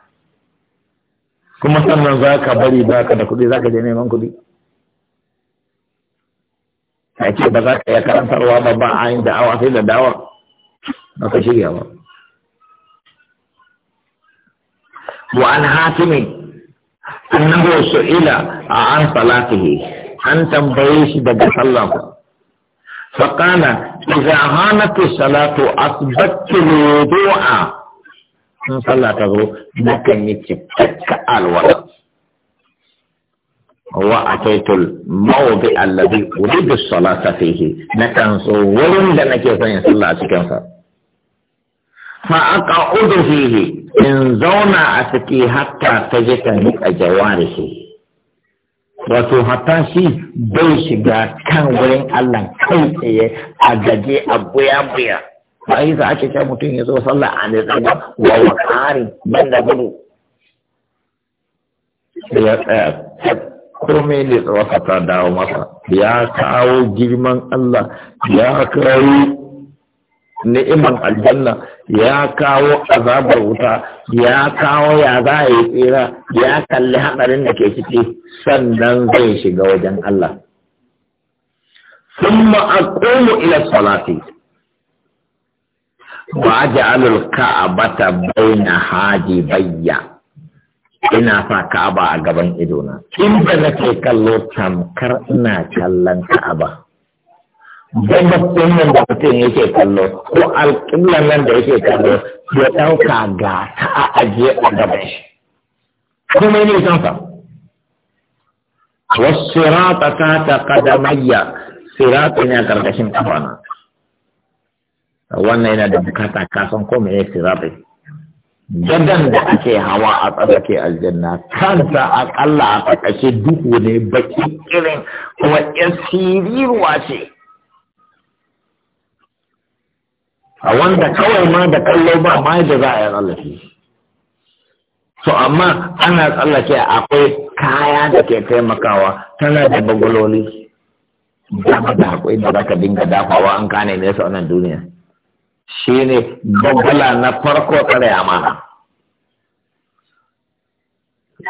kuma sannan za ka bari ba ka da kuɗi za ka je neman kuɗi a ce ba za ka iya karantarwa ba ba a yin da'awa sai da dawa ba ka shirya ba wa an hatimi annahu su'ila a an salatihi an tambaye shi daga sallah فقال إذا هانت الصلاة أثبت الوضوء in sallah ta zo na kan yi cikakka alwala wa ataitul allabi, alladhi uridu salata fihi na kan so wurin da nake son yin sallah a Fa sa fa aqa'udu fihi in zauna a ciki hatta ta je ta nika shi wato hatta shi bai shiga kan wurin Allah kai tsaye a gaje a buya buya ba yi za ake ce mutum ya zo sallah a ne tsaga wa wakari ban da gudu ya tsaya kome ne tsawaka ta dawo masa ya kawo girman Allah ya kawo ni'iman aljanna ya kawo azabar wuta ya kawo ya za a yi tsira ya kalli haɗarin da ke ciki sannan zai shiga wajen Allah. sun aqumu ila salati وأجعل الكعبة بين bayya ina sa ka'aba a gaban idona inda nake kallo tamkar ina kallon ka'aba gabas nan da mutum yake kallo ko alƙiblan nan da yake kallo ya ɗauka ga ta a ajiye a gaban shi kuma ne kansa wasu sirata ta ta kadamayya sirata ne a ƙarƙashin na wannan yana da bukata kasan ko mai yake zabe gadan da ake hawa a tsallake aljanna kansa akalla a tsakashe duhu ne baki irin kuma yan siriruwa ce a wanda kawai ma da kallo ba ma da za a yi tsallake to amma ana tsallake akwai kaya da ke taimakawa tana da bagaloli dama da akwai da za ka dinga dafawa an kane nesa wannan duniya shi ne babbala na farko tsare amana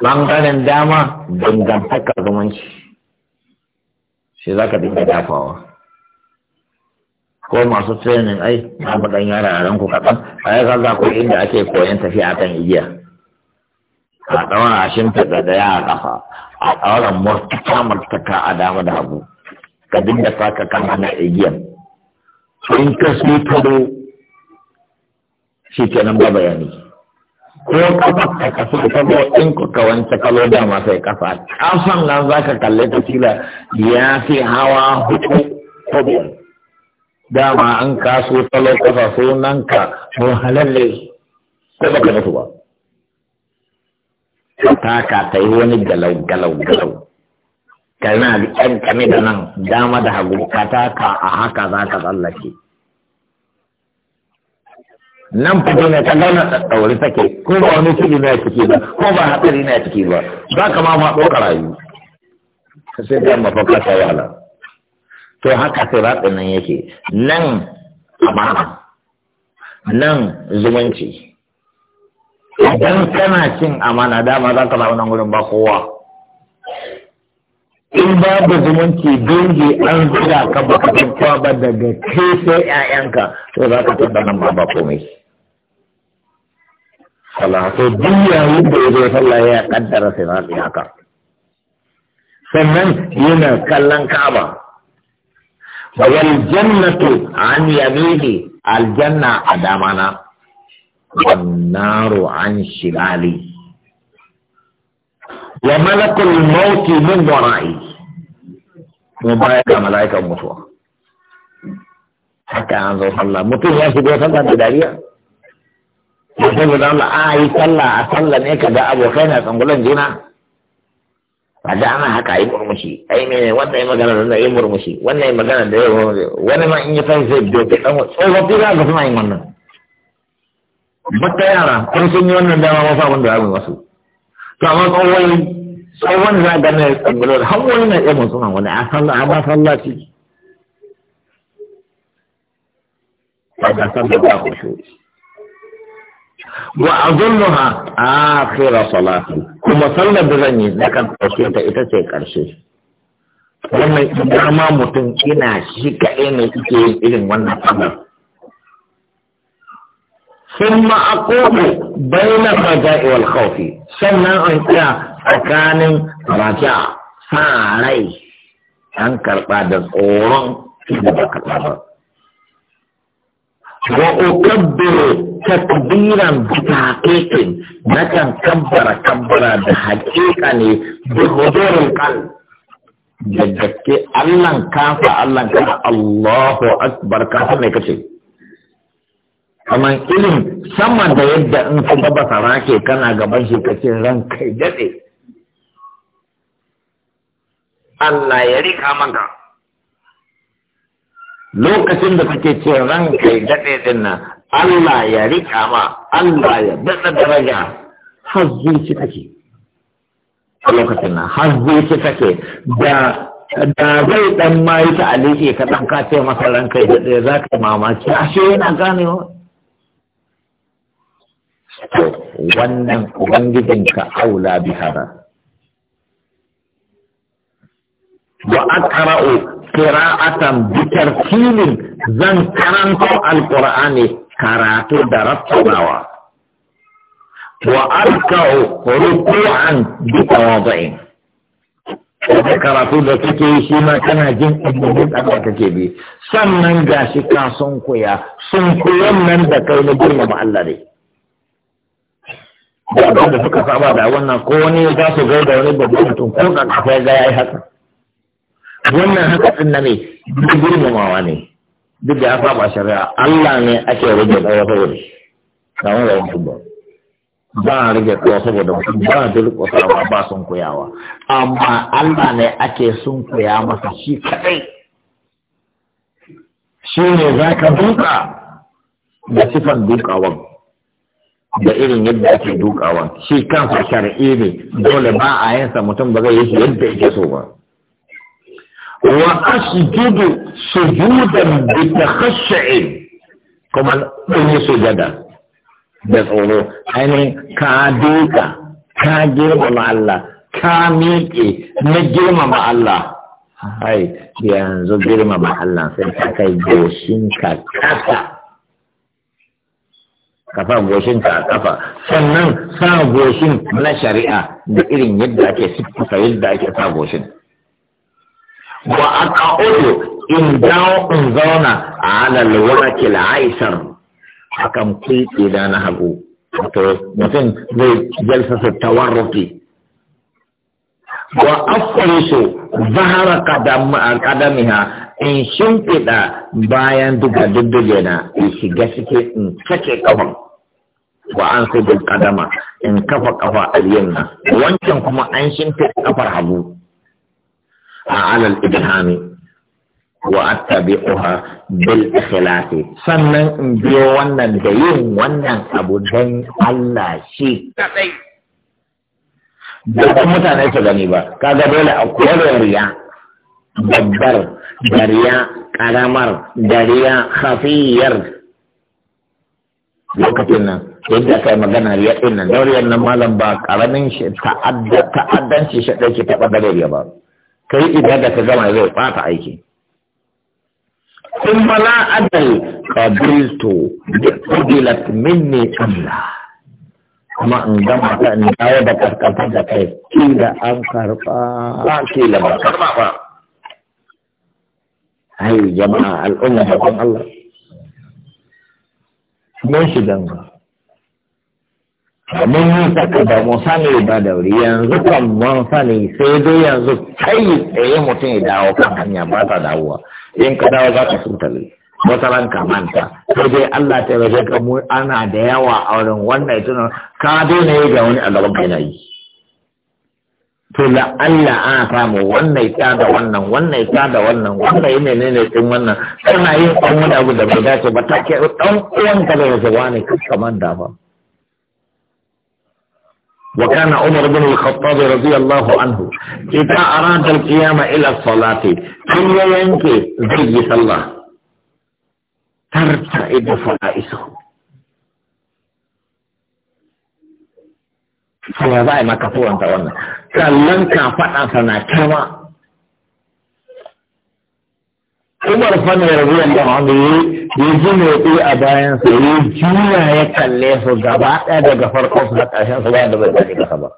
ɓangaren dama dangantaka zumunci shi za ka dinga dafawa ko masu training ai na faɗan yara a ranku kaɗan a yasa za ku inda ake koyon tafiya kan igiya a ɗaura a shimfiɗa da a ƙafa a ɗaura murtaka murtaka a dama da hagu ka dinga saka kan hana igiyan in ka taro shi kenan ba bayani ko kafa ka kafa kafa in ko ka wani kalo da ma sai kafa kafan nan za ka kalle ta kila ya fi hawa hudu ko biyar dama an kaso salo kafa sunan ka mu halalle ko baka mutu ba ta ka ta yi wani galau galau galau kana da yan kame da nan dama da hagu ka ka a haka za ka tsallake nan fito ne ta gauna ɗaure take ko ba wani ciki na ciki ba ko ba hatsari na ciki ba za ka ma ma ɗaukar rayu sai da mafaka ta wala to haka sai siratsin nan yake nan amana nan zumunci idan kana cin amana dama za ka nan wurin ba kowa in da zumunci dangi an zira ka ka ba daga kai sai 'ya'yanka to za ka tabbata ma ba komai sallah to duk yayin da ya sallah ya kaddara sai na haka sannan yana kallon ka'aba wal jannatu an yamini aljanna a damana wan naru an shilali wa malakul mauti min wara'i mu baya ga mala'ikan mutuwa haka an zo sallah mutum ya shigo sallah da dariya ya sabu da Allah a yi sallah a sallah ne ka ga abokai na tsangulan juna a da ana haka a yi murmushi a yi mene wannan yi magana da yi murmushi wannan yi magana da yi murmushi wani ma in yi san zai doke dan tsofaffi za ka suna yin wannan bata yara kun sun yi wannan dama masu abin da zamu masu to amma tsohon tsohon za a gane tsangulan har wani na iya mun suna wani a sallah a ba sallah ci Ba ka da ba ku shi. wa A akhira salati kuma sallar da zan yi na kan ta ita ce ƙarshe wannan idan ma mutum ina shi kaɗai ne ike yin irin wannan sallar ثم أقوم بين الرجاء والخوف sannan an tsaya tsakanin raja sa rai an karɓa da tsoron da ba ba وأكبر تكبيرا بتحقيق لكن كبر كبر بحقيقة بحضور القلب جدك الله كافة الله كافة الله أكبر كافة نكتب kamar irin sama da yadda in ka gaba sarake kana gaban shi ka ce ran kai daɗe Allah ya rika maka lokacin da kake ce ran kai daɗe din nan Allah ya rika ma Allah ya daɗa daraja har zuci kake a lokacin nan har zuci kake da da zai dan ma yi ta aliki ka dan ka ce masa kai daɗe za ka mamaki ashe yana ganewa wannan ka aula bi hada wa qira'atan bi tartilin zan karanta alqur'ani karatu da rattabawa wa arka'u ruku'an bi tawadhi'in da karatu da kake yi shi ma kana jin ɗanɗanin da kake bi sannan ga shi ka sun koya sun koyan nan da kai na girmama Allah ne da da suka saba da wannan ko wani ya za su gaida wani babban mutum ko ka kafa ya ga yayi haka wannan haka din na me girmamawa ne duk da haka ba shari'a Allah ne ake rage tsawo saboda kamar da yankin ba ba a rage tsawo saboda mutum ba a durƙusawa ba sun koyawa amma Allah ne ake sun kuya masa shi kaɗai shi ne za ka duka da sifan dukawan da irin yadda ake dukawa shi kansa shar'i ne dole ba a yansa mutum ba zai yi shi yadda yake so ba وأسجد سجودا بتخشع كما أن سجدا بس أولو يعني كاديكا كاجر مع الله كاميكي نجر مع الله هاي yanzu girmama مع الله ka kai goshinka kasa kafa goshin a kafa sannan sa goshin na shari'a da irin yadda ake siffata yadda ake sa goshin wa aqa'udu in dawo in zauna ala alwarakil aisar akan kuɗi da na hagu wato mutum zai jalsasa tawarruki wa afkarisu zahara kadamiha in shimfiɗa bayan duka dudduge na in shiga suke in take kafan wa an kadama in kafa kafa aliyar wancan kuma an shimfiɗa kafar hagu على الإبهام وأتبعها بالإخلاص sannan in biyo wannan da yin wannan abu don Allah shi kadai mutane su gani ba kaga dole a koyar riya babbar dariya karamar dariya hafiyar lokacin nan yadda kai yi magana riya ɗin nan dauriyar nan malam ba karamin ta'addanci shi ke taɓa gare ba Ka kai ibada ka gama zai fata aiki ثم لا أدري قبلت قبلت مني أم لا kuma in gama ka in dawo da karkata da kai kila an karba kila ba karba ba hai jama'a al'umma da Allah mun shiga yi saka ba mu sani ba da wuri yanzu kan mun sani sai dai yanzu kai tsaye mutum ya dawo kan hanya ba ta dawowa in ka dawo za ka sunta ne ran kamanta manta sai dai Allah ta yarda ka mu ana da yawa a wurin wannan tuna ka daina ne ga wani Allah kai yi to la Allah ana samu wannan ya da wannan wannan ya da wannan wannan yana ne ne din wannan kana yin wani abu da bai ce ba ke dan uwan ka da ne kaman da ba وكان عمر بن الخطاب رضي الله عنه إذا أراد القيام إلى الصلاة ثم ينكي زي الله ترتعد فرائسه فلا دائما كفورا تولى كلن كافأ سنة كما Umar fana ya zuwa da hannu ya ji ya a bayan sa ya juna ya kalle su gaba ɗaya daga farkon su har ƙarshen su bayan da bai tafi kasa ba.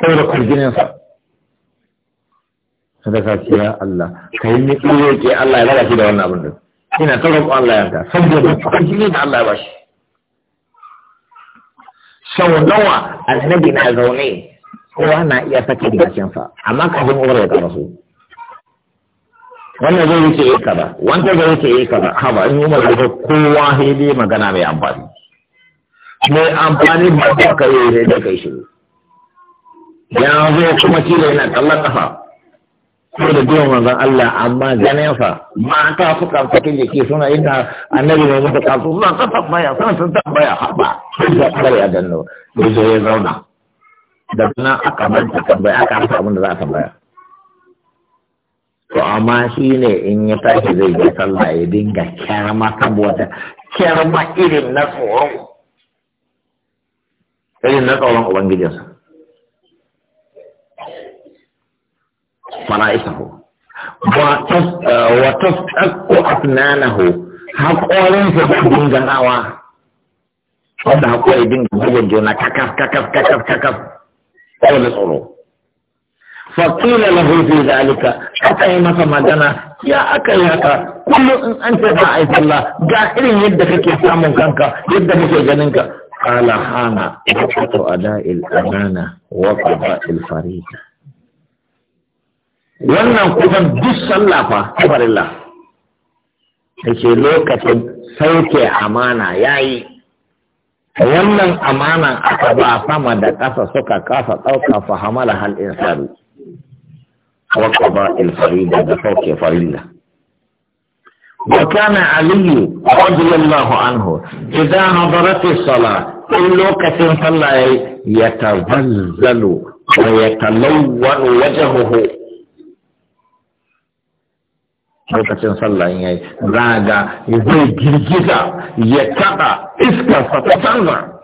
Saboda kurjinin sa. Sadaka ce ya Allah ka yi niƙi ya ke Allah ya shi da wannan abin da. Ina ta roƙo Allah ya ta saboda kurjinin da Allah ya bashi. Sau nawa annabi na zaune kowa na iya sake sa amma kafin Umar ya ƙarasu. wannan zai wuce yi kaza wancan zai wuce yi kaza haba in yi magana kowa hidi magana mai amfani mai amfani ba ta kai yi da kai shi ya zo kuma da yana kallon kafa ko da biyan wanzan Allah amma ganin fa mata su kamfakin da ke suna ina annabi mai mata kasu suna ta tambaya suna sun tambaya haba sun ta kare a danno da zo ya zauna da suna aka manta tambaya aka rasa abin da za a tambaya to amma shi ne in ya tashi zai ga sallah ya dinga kyarma saboda kyarma irin na tsoron irin na tsoron ubangijinsa mala'isahu wa tasqaqu eh, asnanahu haƙorinsa da dinga rawa wanda haƙori dinga bugun juna kakaf kakaf kakaf kakaf saboda tsoro faƙila lahu fi zalika aka yi masa magana ya aka yi haka kullum in an ce ba a yi ga irin yadda kake samun kanka yadda muke ganin ka qala hana wato ada il amana wa qada ba farida wannan kusan duk sallah fa kabarilla yake lokacin sauke amana ya yi. wannan amana aka ba sama da ƙasa suka kasa ɗauka fa hamala hal insani وقضاء الفريضة بفوق فريضة وكان علي رضي الله عنه إذا حضرت الصلاة كل وقت صلى يتزلزل ويتلون وجهه lokacin sallan ya yi zaga zai girgiza ya taɓa iskarsa ta canza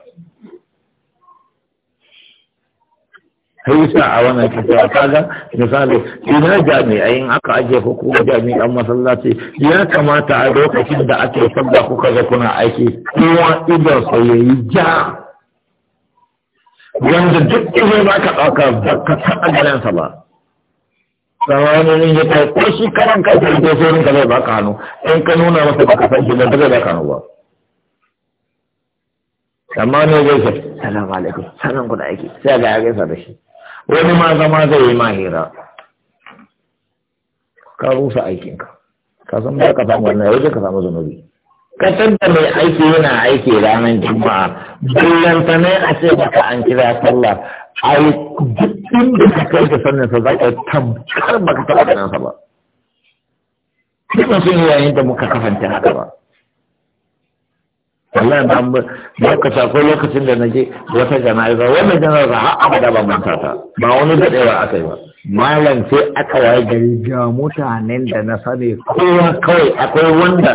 haisa a wannan kisa kaga misali ina jami'ai in aka ajiye ko kuma jami'an masallaci ya kamata a lokacin da ake sabda ku kaza kuna aiki kowa idon sa ja wanda duk ne ba ka ɗauka ba ka taɓa ganin sa ba tsawanin ya kai ko shi karan ka da ido sai ka zai baka hannu in ka nuna masa baka san shi ba zai baka hannu ba amma ne zai ce salamu alaikum sanan ku da aiki sai ga ya gaisa da shi wani ma zama zai yi mahira ka rusa aikinka ka san da ka samu wannan yau ka samu zunubi ka da mai aiki yana aiki ranar juma'a ballanta ne a ce baka an kira sallah a yi duk inda ka kai da sannan sa za ka tamkar baka taɓa ganin sa ba. Kuma sun yi yayin da muka kafanta haka ba. wallahi ba mu lokaci akwai lokacin da naje wata jana'iza wannan jana'iza har abada ba manta ta ba wani dadewa aka yi ba malam sai aka waye gari ga mutanen da na sani kowa kawai akwai wanda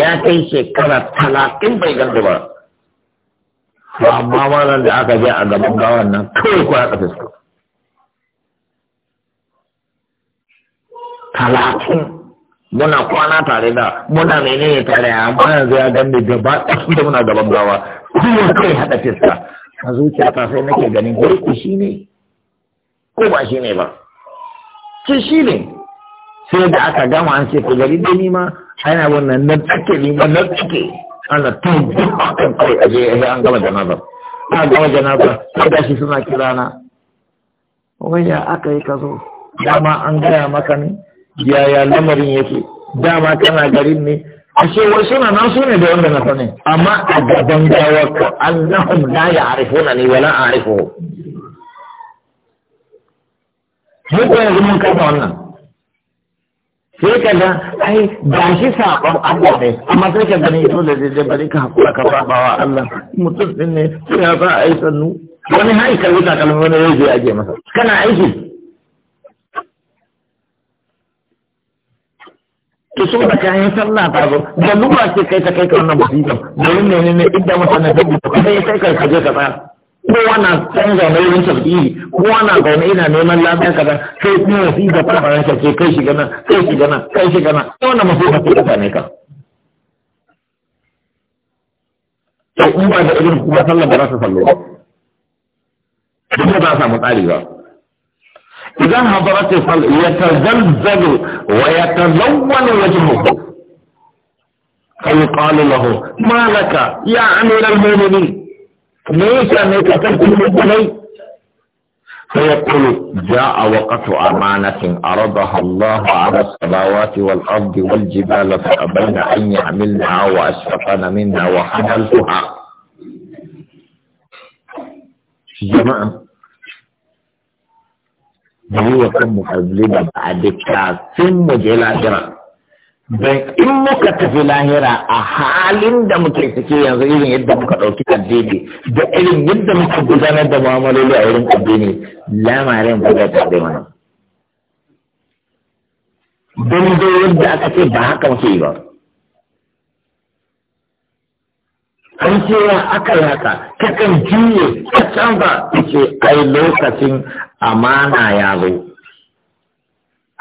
ya kai shekara talatin bai gandu ba amma malam da aka je a gaban gawan nan kawai kuwa aka fuska talatin muna kwana tare da muna menene tare amma yanzu ya da gaba ɗaya da muna gaban gawa kuma kai haɗa fiska a zuciyata sai nake ganin ku shi ne ko ba shi ne ba ki shi ne sai da aka gama an ce ku gari da nima ana wannan na ni nima na take ana ta gama kan kai a je an gama janaza an gama janazar sai da shi suna kirana ya aka yi kazo dama an gaya maka ne yaya lamarin yake dama kana garin ne ashe wai suna nan su ne da wanda na sani amma a gaban gawar ka annahum la na ne wala a mun ko yanzu mun kafa wannan sai ka ga ai ba shi sabon Allah ne amma sai ka gani to da zai bari ka hakura ka saba wa Allah mutum din ne sai ya ba a yi sannu wani haikali ka kalmomi ne zai aje masa kana aiki ke so da kayan sallah ta zo da lura ce kai ta kai ka wannan basira domin ne ne ne idan mutane ta buɗe kai ya kai ka je ka tsaya kowa na canza nauyin tafsiri kowa na zaune ina neman lafiya kaza sai kuma wasiƙa ta fara ce kai shiga nan kai shiga nan kai shiga nan sai wannan masifa ce ta ne ka to in ba da irin kuma sallah ba za su sallo ba duk ba a samu tsari ba إذا حضرت الصلاة يتزلزل ويتلون وجهه فيقال له ما لك يا أمير المؤمنين ليس ميتة المؤمنين فيقول جاء وقت أمانة أرضها الله على السماوات والأرض والجبال فأبين أن يعملنها وأشفقن منها وحملتها جماعة da yi wa da ba'adi kafin mu je lahira dan in muka tafi lahira a halin da muke cike yanzu irin yadda muka ɗauki addini da irin yadda muka gudanar da mu'amaloli a wurin addini lamarin ba zai tafi mana don dai yadda aka ce ba haka muke yi ba an cewa aka yi haka kakan juye ka canza ce ai lokacin amana ya zo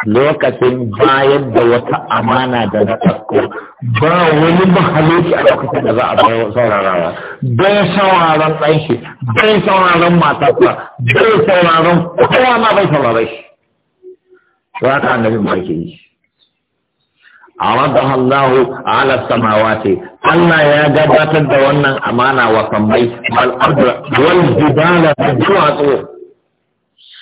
lokacin bayan da wata amana da na farko ba wani mahaloki a lokacin da za a bayar saurarawa bai sauraron ɗan shi bai sauraron matarsa bai sauraron kowa ma bai sauraron shi to haka annabi ba ke yi aradaha Allah ala samawati Allah ya gabatar da wannan amana wa sammai wal ardh da duwatsu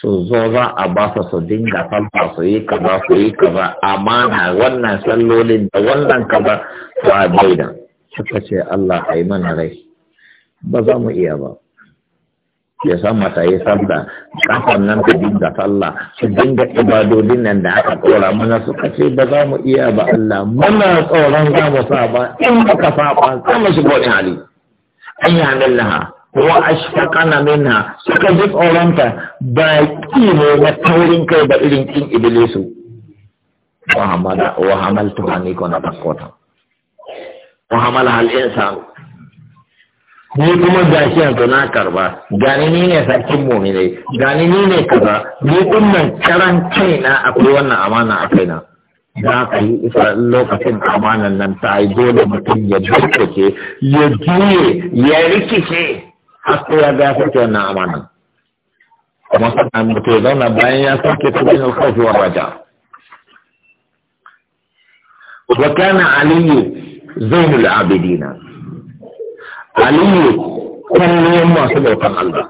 su zo za a ba su su dinga sallah su yi kaza su yi kaza amana wannan sallolin da wannan kaza su a daida suka ce Allah a yi mana rai ba za mu iya ba ya san mata yi sallah kafan nan su dinga sallah su dinga ibadodin nan da aka tsora mana suka ce ba za mu iya ba Allah muna tsoron za mu sa ba in baka sa ba za mu shiga wani hali an yi hannun wa ashfaqana minha suka ji tsoronta ba ki ne na taurin kai da irin kin iblisu wa hamala wa hamaltu hani na takota wa hamala hal insan ni kuma shi yanzu na karba gani ni ne sarkin mu'minai gani ni ne kaza ni kuma karan kaina akwai wannan amana a kaina za ka yi isa lokacin amanan nan ta yi dole mutum ya dukkake ya juye ya rikice haske ya ga sauke wannan amanan kuma sannan mu ya zauna bayan ya sauke ta bayan alkhawfi wa raja wa kana aliyu zainul abidina aliyu kullum masu bautan Allah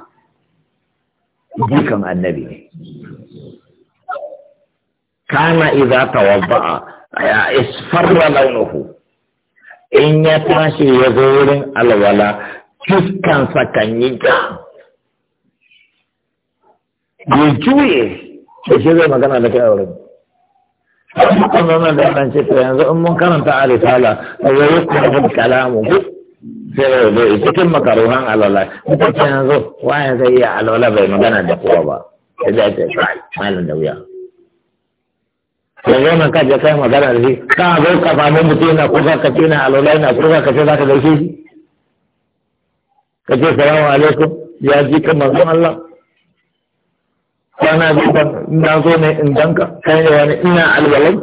jikan annabi ne kana idza tawadda'a ya isfarra launuhu in ya tashi ya zo wurin alwala fuskansa kan yi ja ya juye da shi zai magana da kai a wurin kan zama da kan ce yanzu in mun karanta a risala a yayi kuma kalamu sai da zai cikin makaruhan alola, ita ce yanzu wayan zai iya alola bai magana da kowa ba Ya zai ce kai malam da wuya yanzu mun kaje kai magana da shi ka zo ka samu mutum na kusa ka ce na alola yana kusa ka ce za ka gaishe shi ka ce salamu alaikum ya ji ka mazan Allah kwana biyu ban na zo ne in danka kai ne wani ina alwalai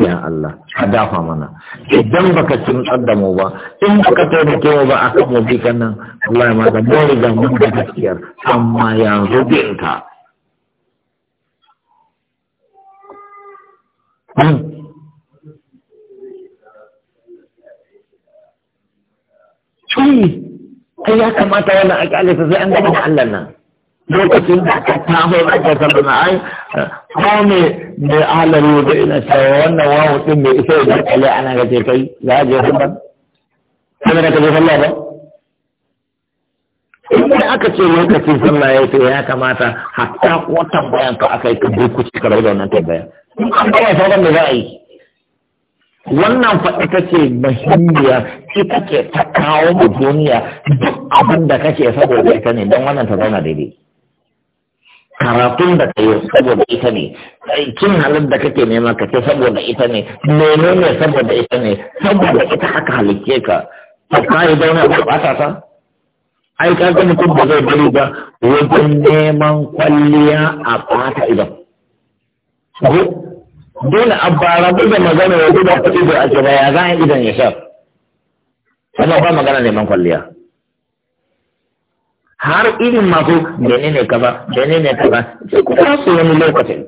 ya Allah ka dafa mana idan baka cin tsada mu ba in baka taimake mu ba a kan mu bikan nan Allah ma da mun riga mun da gaskiyar amma yanzu bin ka hmm. shi ai ya kamata wannan a kyalisa sai an gama da Allah nan lokacin da aka tafi da aka san na ai ba mai da alalu da ina cewa wannan wawo din mai isa da kale ana ga ce kai za a je sallah kuma da ka je sallah ba idan aka ce lokacin sallah ya ce ya kamata hatta ko bayan ka aka yi ka bukuci kuci karar da wannan tambaya in an gama sauran da za a yi wannan fa ita ce mahimmiya ita ce ta kawo mu duniya duk abin da kake saboda ita ne don wannan ta zauna daidai karatun da ka yi saboda ita ne aikin halin da kake nema ka ce saboda ita ne ne saboda ita ne saboda ita haka halicce ka to ka yi zauna da ba ta ai ka ga mutum ba zai bari ba wajen neman kwalliya a fata idan dole bara duk da magana ya da kuɗi da ake baya za a idan ya sha, wannan ba magana neman kwalliya har irin masu bene ne kaza bene ne kaza sai ku ba su wani lokacin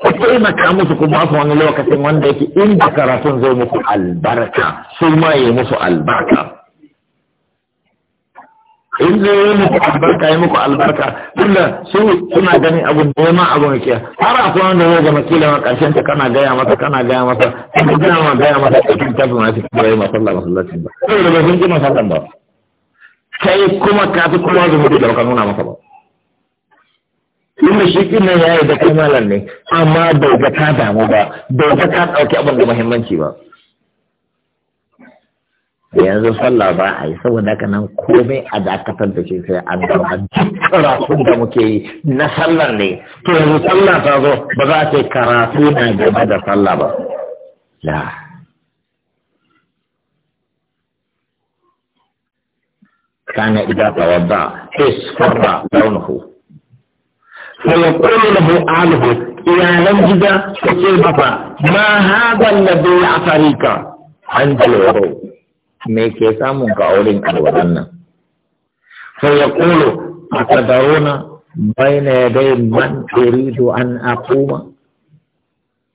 ku taimaka musu ku ba su wani lokacin wanda yake inda karatun zai musu albarka su ma yi musu albarka in zai yi muku albarka yi muku albarka tunda su suna ganin abun da ya ma abun ke har a kuma da zai zama kila ma karshen ta kana gaya masa kana gaya masa kuma gina ma gaya masa cikin tafi ma cikin bai masalla masallacin ba sai da bai ji masallan ba kai kuma ka fi kuma zuwa da baka nuna masa ba inda shi kina nan yayi da kai malam ne amma bai ga ta damu ba bai ga ta dauki abin da muhimmanci ba yanzu sallah ba a yi saboda haka nan komai a dakatar da ke sai an gama karatun da muke yi na sallar ne to yanzu sallah ta zo ba za a ce karatu na gaba da sallah ba la kana idan tawadda isfarra launuhu فيقول له أهله إلى نمجد فكيف ما هذا الذي أعطريك عند الغروب me ke samun ka aurin alwaran nan sai ya kulo a baina yadai man turidu an aquma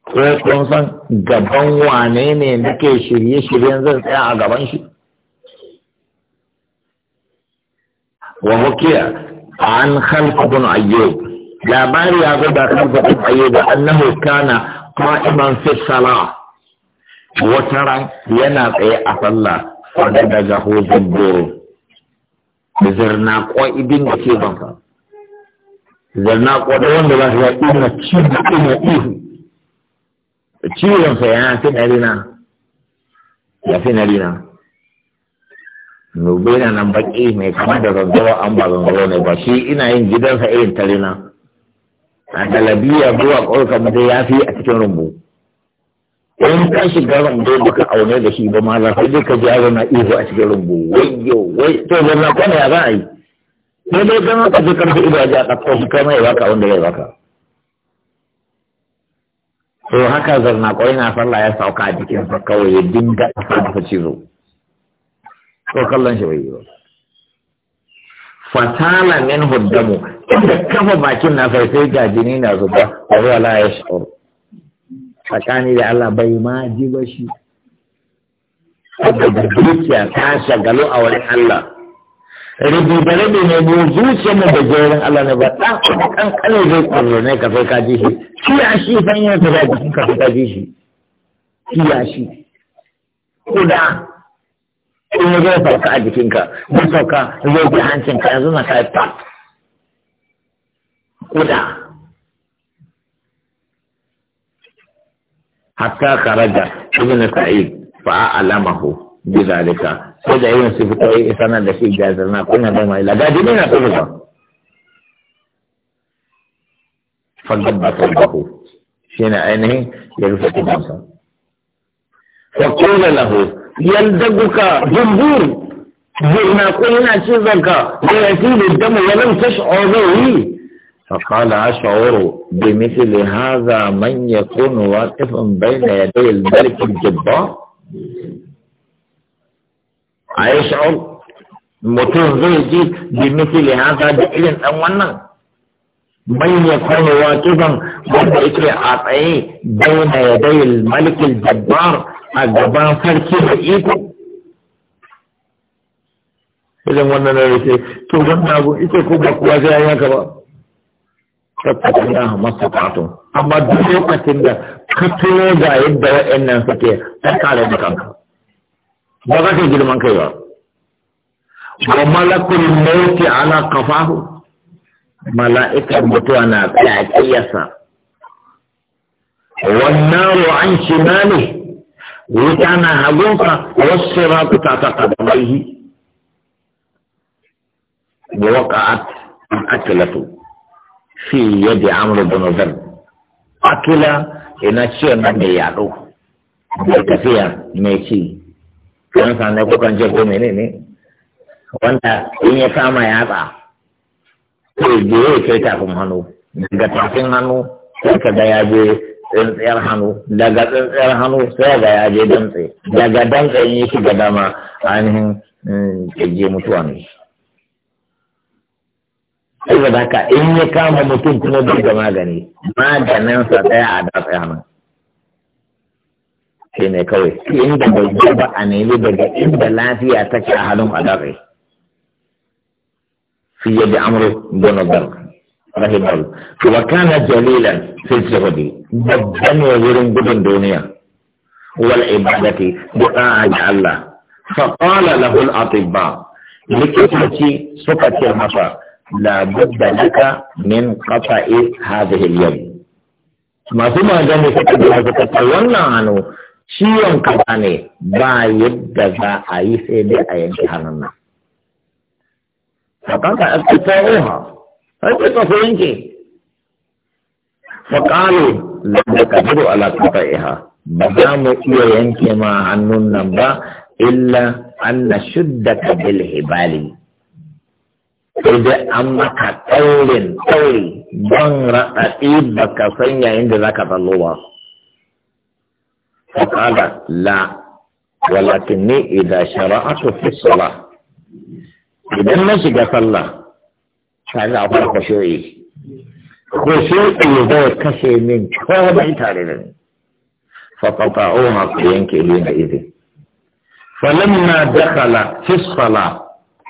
ko kun san gaban wane ne nake shirye-shiryen zan tsaya a gaban shi wa hukiya an khalq ibn ayyub labari ya zo da khalq ibn ayyub annahu kana qa'iman fi salah ran yana tsaye a sallah fadada zaho zabboro da zarna ko ibin da ke banka zirna kwa da wanda ba su yaƙi na cin ina ihu sa yana fi na rina ya fi na rina nube na nan baƙi mai kama da zanzawa an ba zanzawa ne ba shi ina yin gidansa irin ta rina a galabiya zuwa ƙorka mutum ya fi a cikin rumbu in ka shiga dole baka aune da shi ba malam sai dai ka ji yaro na ihu a cikin rumbu wayyo wai to zanna kwana ya za a yi sai dai gama ka ji karfi ido a ji a ɗauko shi kai mai baka wanda ya baka to haka zarna kwai na sallah ya sauka a sa kawai ya dinga ɗafa masa cizo ko kallon shi bai yi ba fasala min huddamu inda kafa bakin na sai ga jini na zuba wa la yash'ur tsakani da Allah bai ma ji ba shi da dukiya ta shagalu a wurin Allah rubuta rabe ne mu zuciya mu da jerin Allah ne ba ɗan kuma kankanin zai kwallo ne ka sai ka ji shi kiyashi sanyar ta da ka sai ka ji shi shi? kuda in zai sauka a jikinka zai sauka zai ji hancinka yanzu na kai ta. kuda حتى خرج ابن سعيد فأعلمه بذلك فجاء ابن سعيد إسانا لكي جازرنا قلنا بما إلا جاجبين أقول فقبت ربه حين أينه يرفع الناس فقول له يلدقك جمبور زرنا قلنا شذك ويأتي للدم ولم تشعر به فقال أشعر بمثل هذا من يكون واقف بين يدي الملك الجبار أشعر متوزيجي بمثل هذا بإذن أولا من يكون واقفا من يكون بين يدي الملك الجبار الجبار فالكي رئيكم إذا وانا نريد تقول أقول إذا كوبا أياك بقى tattakin da masu fatun amma duk lokacin da ka tuno ga yadda waɗannan suke ta kare da kanka ba za ka girman kai ba wa malakul mauti ala kafahu mala'ikan mutuwa na tsakiyarsa wannan na ne wuta na hagunsa wasu ratu ta ta kadamaihi wa waka'at akilatu fi yadda amru bin zar akila ina ce nan da yaɗo mai tafiya mai ci kan sanai kukan je ko menene wanda in ya kama yatsa sai je ya kai tafin hannu daga tafin hannu sai ka ga ya je tsintsiyar hannu daga tsintsiyar hannu sai ga ya je dantse daga dantse in ya shiga dama ainihin ke mm, je mutuwa ne saboda haka in ya kama mutum kuma bai da magani maganin sa daya a da tsaya nan shi ne kawai shi inda bai ba a nemi daga inda lafiya ta ke a halin a adarai fi yadda amuru amru bonobel rahimahul wa kana jalilan fil zuhudi babban ne wurin gudun duniya wal ibadati du'a ga Allah fa qala lahu al atibba likitoci suka ce masa la budda laka min qata'i hadhihi al-yam masu magani suka da suka ta wannan hannu ciwon kaza ne ba yadda za a yi sai dai a yanke hannun nan fakanka aka tsawoha har ka tafi yanke faƙalo da kafiru ala qata'iha ba za mu iya yanke ma hannun nan ba illa an na shudda ka bil hibali sai dai an maka ɗaurin ɗauri ban raɗaɗi ba ka san yayin da za ka tsallo ba. Fakala la, walakin ni idan shara'atu fi sala. Idan na shiga sallah, ta ga akwai kwashoyi. Kwashoyi zai kashe min komai tare da ni. Fakata'o masu yanke ni na izin. Falamma dakala fi sala,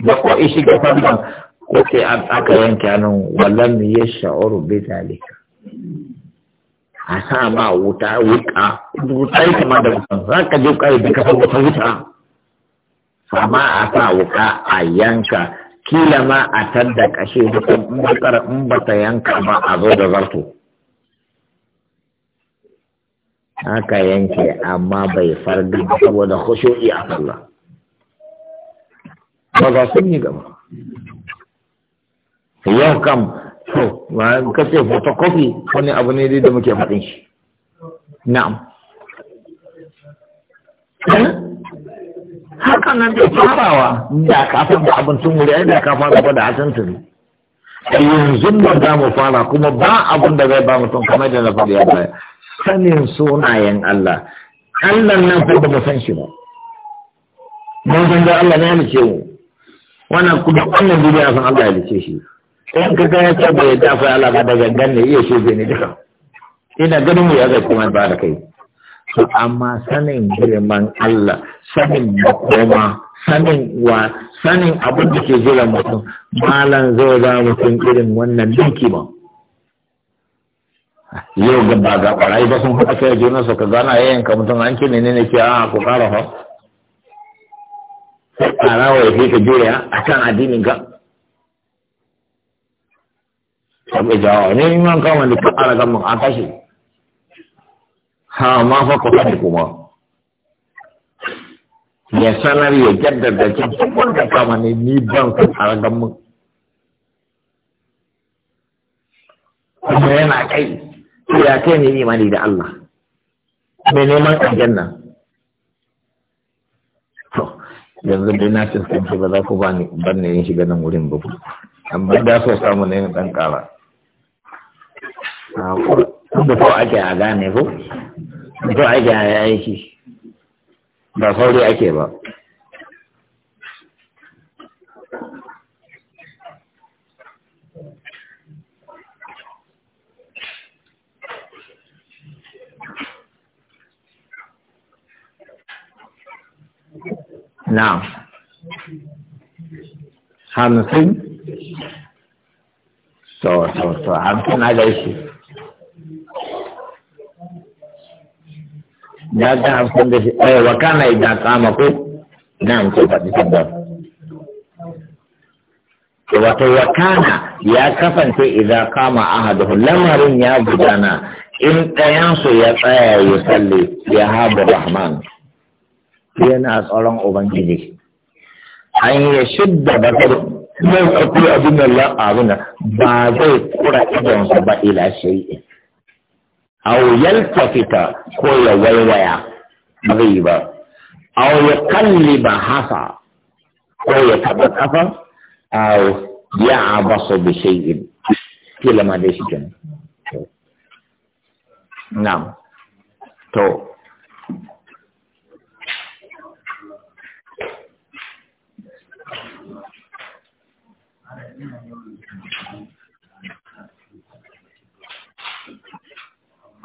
da ko ishi ga sallah ko sai aka yanke hannun wallan ya sha'uru bi zalika a sa ma wuta wuka wutai kama da wutan za ka je kai da kafa wuta wuta amma a sa wuka a yanka kila ma a tadda kashe hukun in bakar in ba ta yanka ba a zo da zarto Aka yanke amma bai farga saboda khushu'i a Allah ba za su yi gaba yau kam to ba ka ce photocopy wani abu ne dai da muke faɗin shi na'am haka nan da farawa da kafin da abin sun wuri da ka fara ba da hasan tuni yanzu da za mu fara kuma ba abin da zai ba mutum kamar da na faɗi ya baya sanin sunayen Allah Allah na fa ba san shi ba mun san da Allah ne ya ce mu wannan kuma wannan duniya san Allah ya ce shi in ka ga yake ya dafa Allah ba daga gangan ne iya shege ne duka ina ganin mu ya ga kuma ba da kai to amma sanin girman Allah sanin makoma sanin wa sanin abin da ke jira mutum malan zai ga mutum irin wannan dinki ba yau ga ba ga kwarai ba sun haɗa kai juna su ka gana yayin ka mutum an ce menene ke a ku kara fa ƙara wa ya fi ka juya a kan addinin ka abu jawa ne in an kama da kan alaga mun ha ma fa ku kuma ya sanar ya jaddada ce kun da kama ne ni ban san alaga mun kuma yana kai ya kai ne imani da Allah mai neman aljanna yanzu dai na cikin ba za ku bani ban ne yin shiga nan wurin ba amma da so samu ne dan kara da kawai ake a gane ko da ake a aiki ba sauri ake ba Now, hamsin, so, so, so, hamsin a gaishe. ya ga hamsin da shi ɗaya eh, wa kana da kama ko na hamsin faɗi ba. wato wa kana ya kasance idan kama ahaduhu lamarin ya gudana in ɗayansu ya tsaya ya salli ya habu rahman yana tsoron ubangiji an ya shidda basar mai tsakuri abin Allah abin ba zai kura idonsa ba ila shay'in aw yaltafita ko ya waiwaya ba zai yi ba aw ya kalliba hasa ko ya taba kafa aw ya abasu bi shay'in kenan na'am to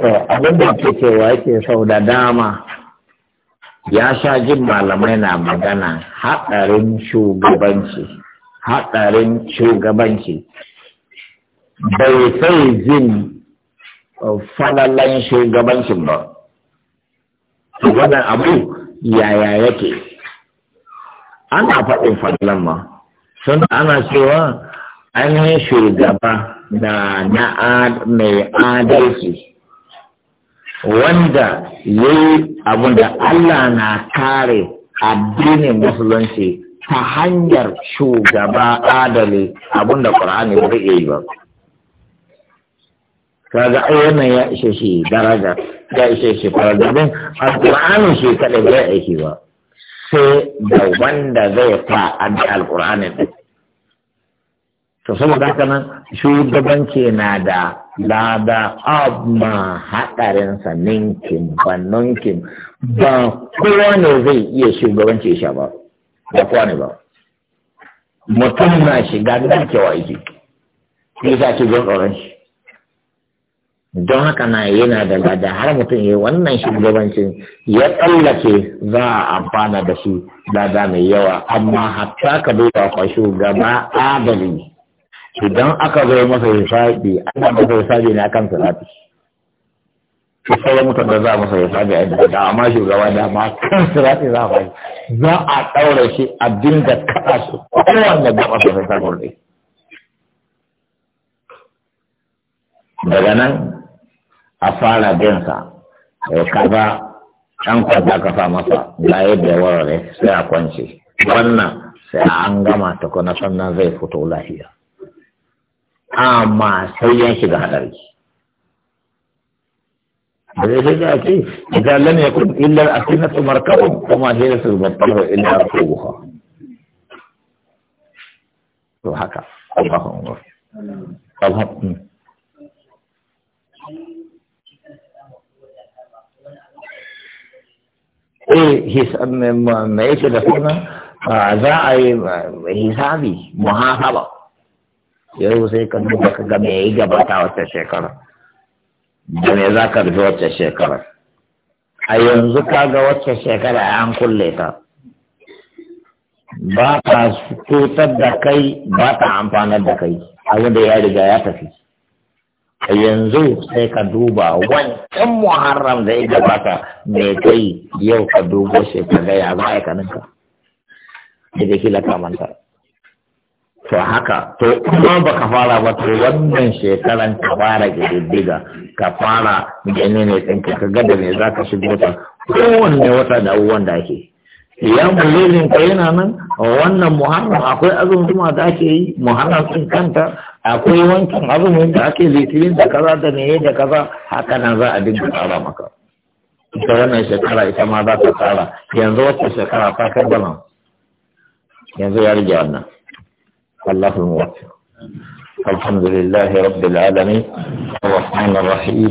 to abin da ke cewa yake sau da dama ya sha jin malamai na magana haɗarin shugabanci haɗarin shugabanci bai sai jin falalan shugabancin ba wannan abu yaya yake ana faɗin falalan ma sun ana cewa an shugaba da na mai adalci wanda ya yi abin da Allah na kare addinin musulunci ta hanyar shugaba adali abin da ƙur'ani ba zai yi ba kaga ai wannan ya ishe shi daraja ya ishe shi fargabin alƙur'anin shi kaɗai bai aiki ba sai da wanda zai fa addi alƙur'anin ɗin to saboda haka nan shugabanci na da lada abma sa ninkin ba ninkin ba kowa ne zai iya shugabanci sha ba ba kowa ne ba mutum na shiga dakewa yake sai sa ki zo tsoron shi don haka na yana da lada har mutum ya wannan shugabanci ya tsallake za a amfana da shi lada mai yawa amma hatta ka duba kwa shugaba adali idan aka zo masa hisabi ana masa hisabi ne akan salati shi sai mutum da za a masa hisabi a yadda da amma shugaba da ma kan salati za a bai za a ɗaure shi a dinga kaɗa shi kowanne da masa hisabi ne daga nan a fara ya eh, kaza an kwanta ka sa masa ga yadda ya warware sai a kwance wannan sai an gama kuna sannan zai fito lafiya amma sai ya shiga hadari da zai ga ake idan lam yakun illa al-asinatu markabun kuma hiya sulbatahu illa ruha to haka Allahu akbar Allahu eh his me yake da suna za a yi hisabi muhasaba yau sai ka duba ka ga mai gabata wata shekara da me za ka rufe wata shekara a yanzu ka ga wata shekara an kulle ta ba ta cutar da kai ba ta amfanar da kai abin da ya riga ya tafi a yanzu sai ka duba wancan muharram da gabata mai kai yau ka dubo shekara ya za a yi kaninka da kila kamantar to haka to kuma baka fara ba to wannan shekaran ka fara gidiga ka fara ne ɗinka ka ga da me za ka shigo ta kowanne wata da abubuwan da ake ya mulilin ka yana nan wannan muharram akwai azumin da ake yi muharram sun kanta akwai wankin azumin da ake litinin da kaza da meye da kaza haka nan za a dinga tsara maka ita wannan shekara ita ma za ta tsara yanzu wata shekara ta kaddama yanzu ya rage wannan والله الموفق الحمد لله رب العالمين الرحمن الرحيم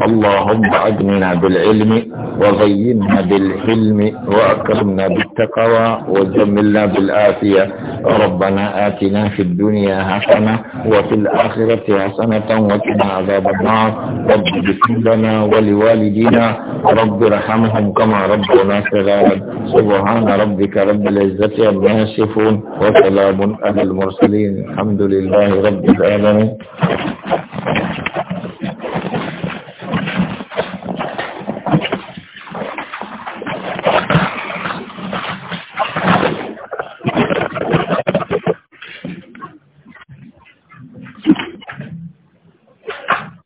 اللهم أجمنا بالعلم وغينا بالحلم وأكرمنا بالتقوى وجملنا بالآفية ربنا آتنا في الدنيا حسنة وفي الآخرة حسنة وكنا عذاب النار رب اغفر لنا ولوالدينا رب ارحمهم كما ربنا صغارا سبحان ربك رب العزة عما يصفون وسلام على المرسلين الحمد لله رب العالمين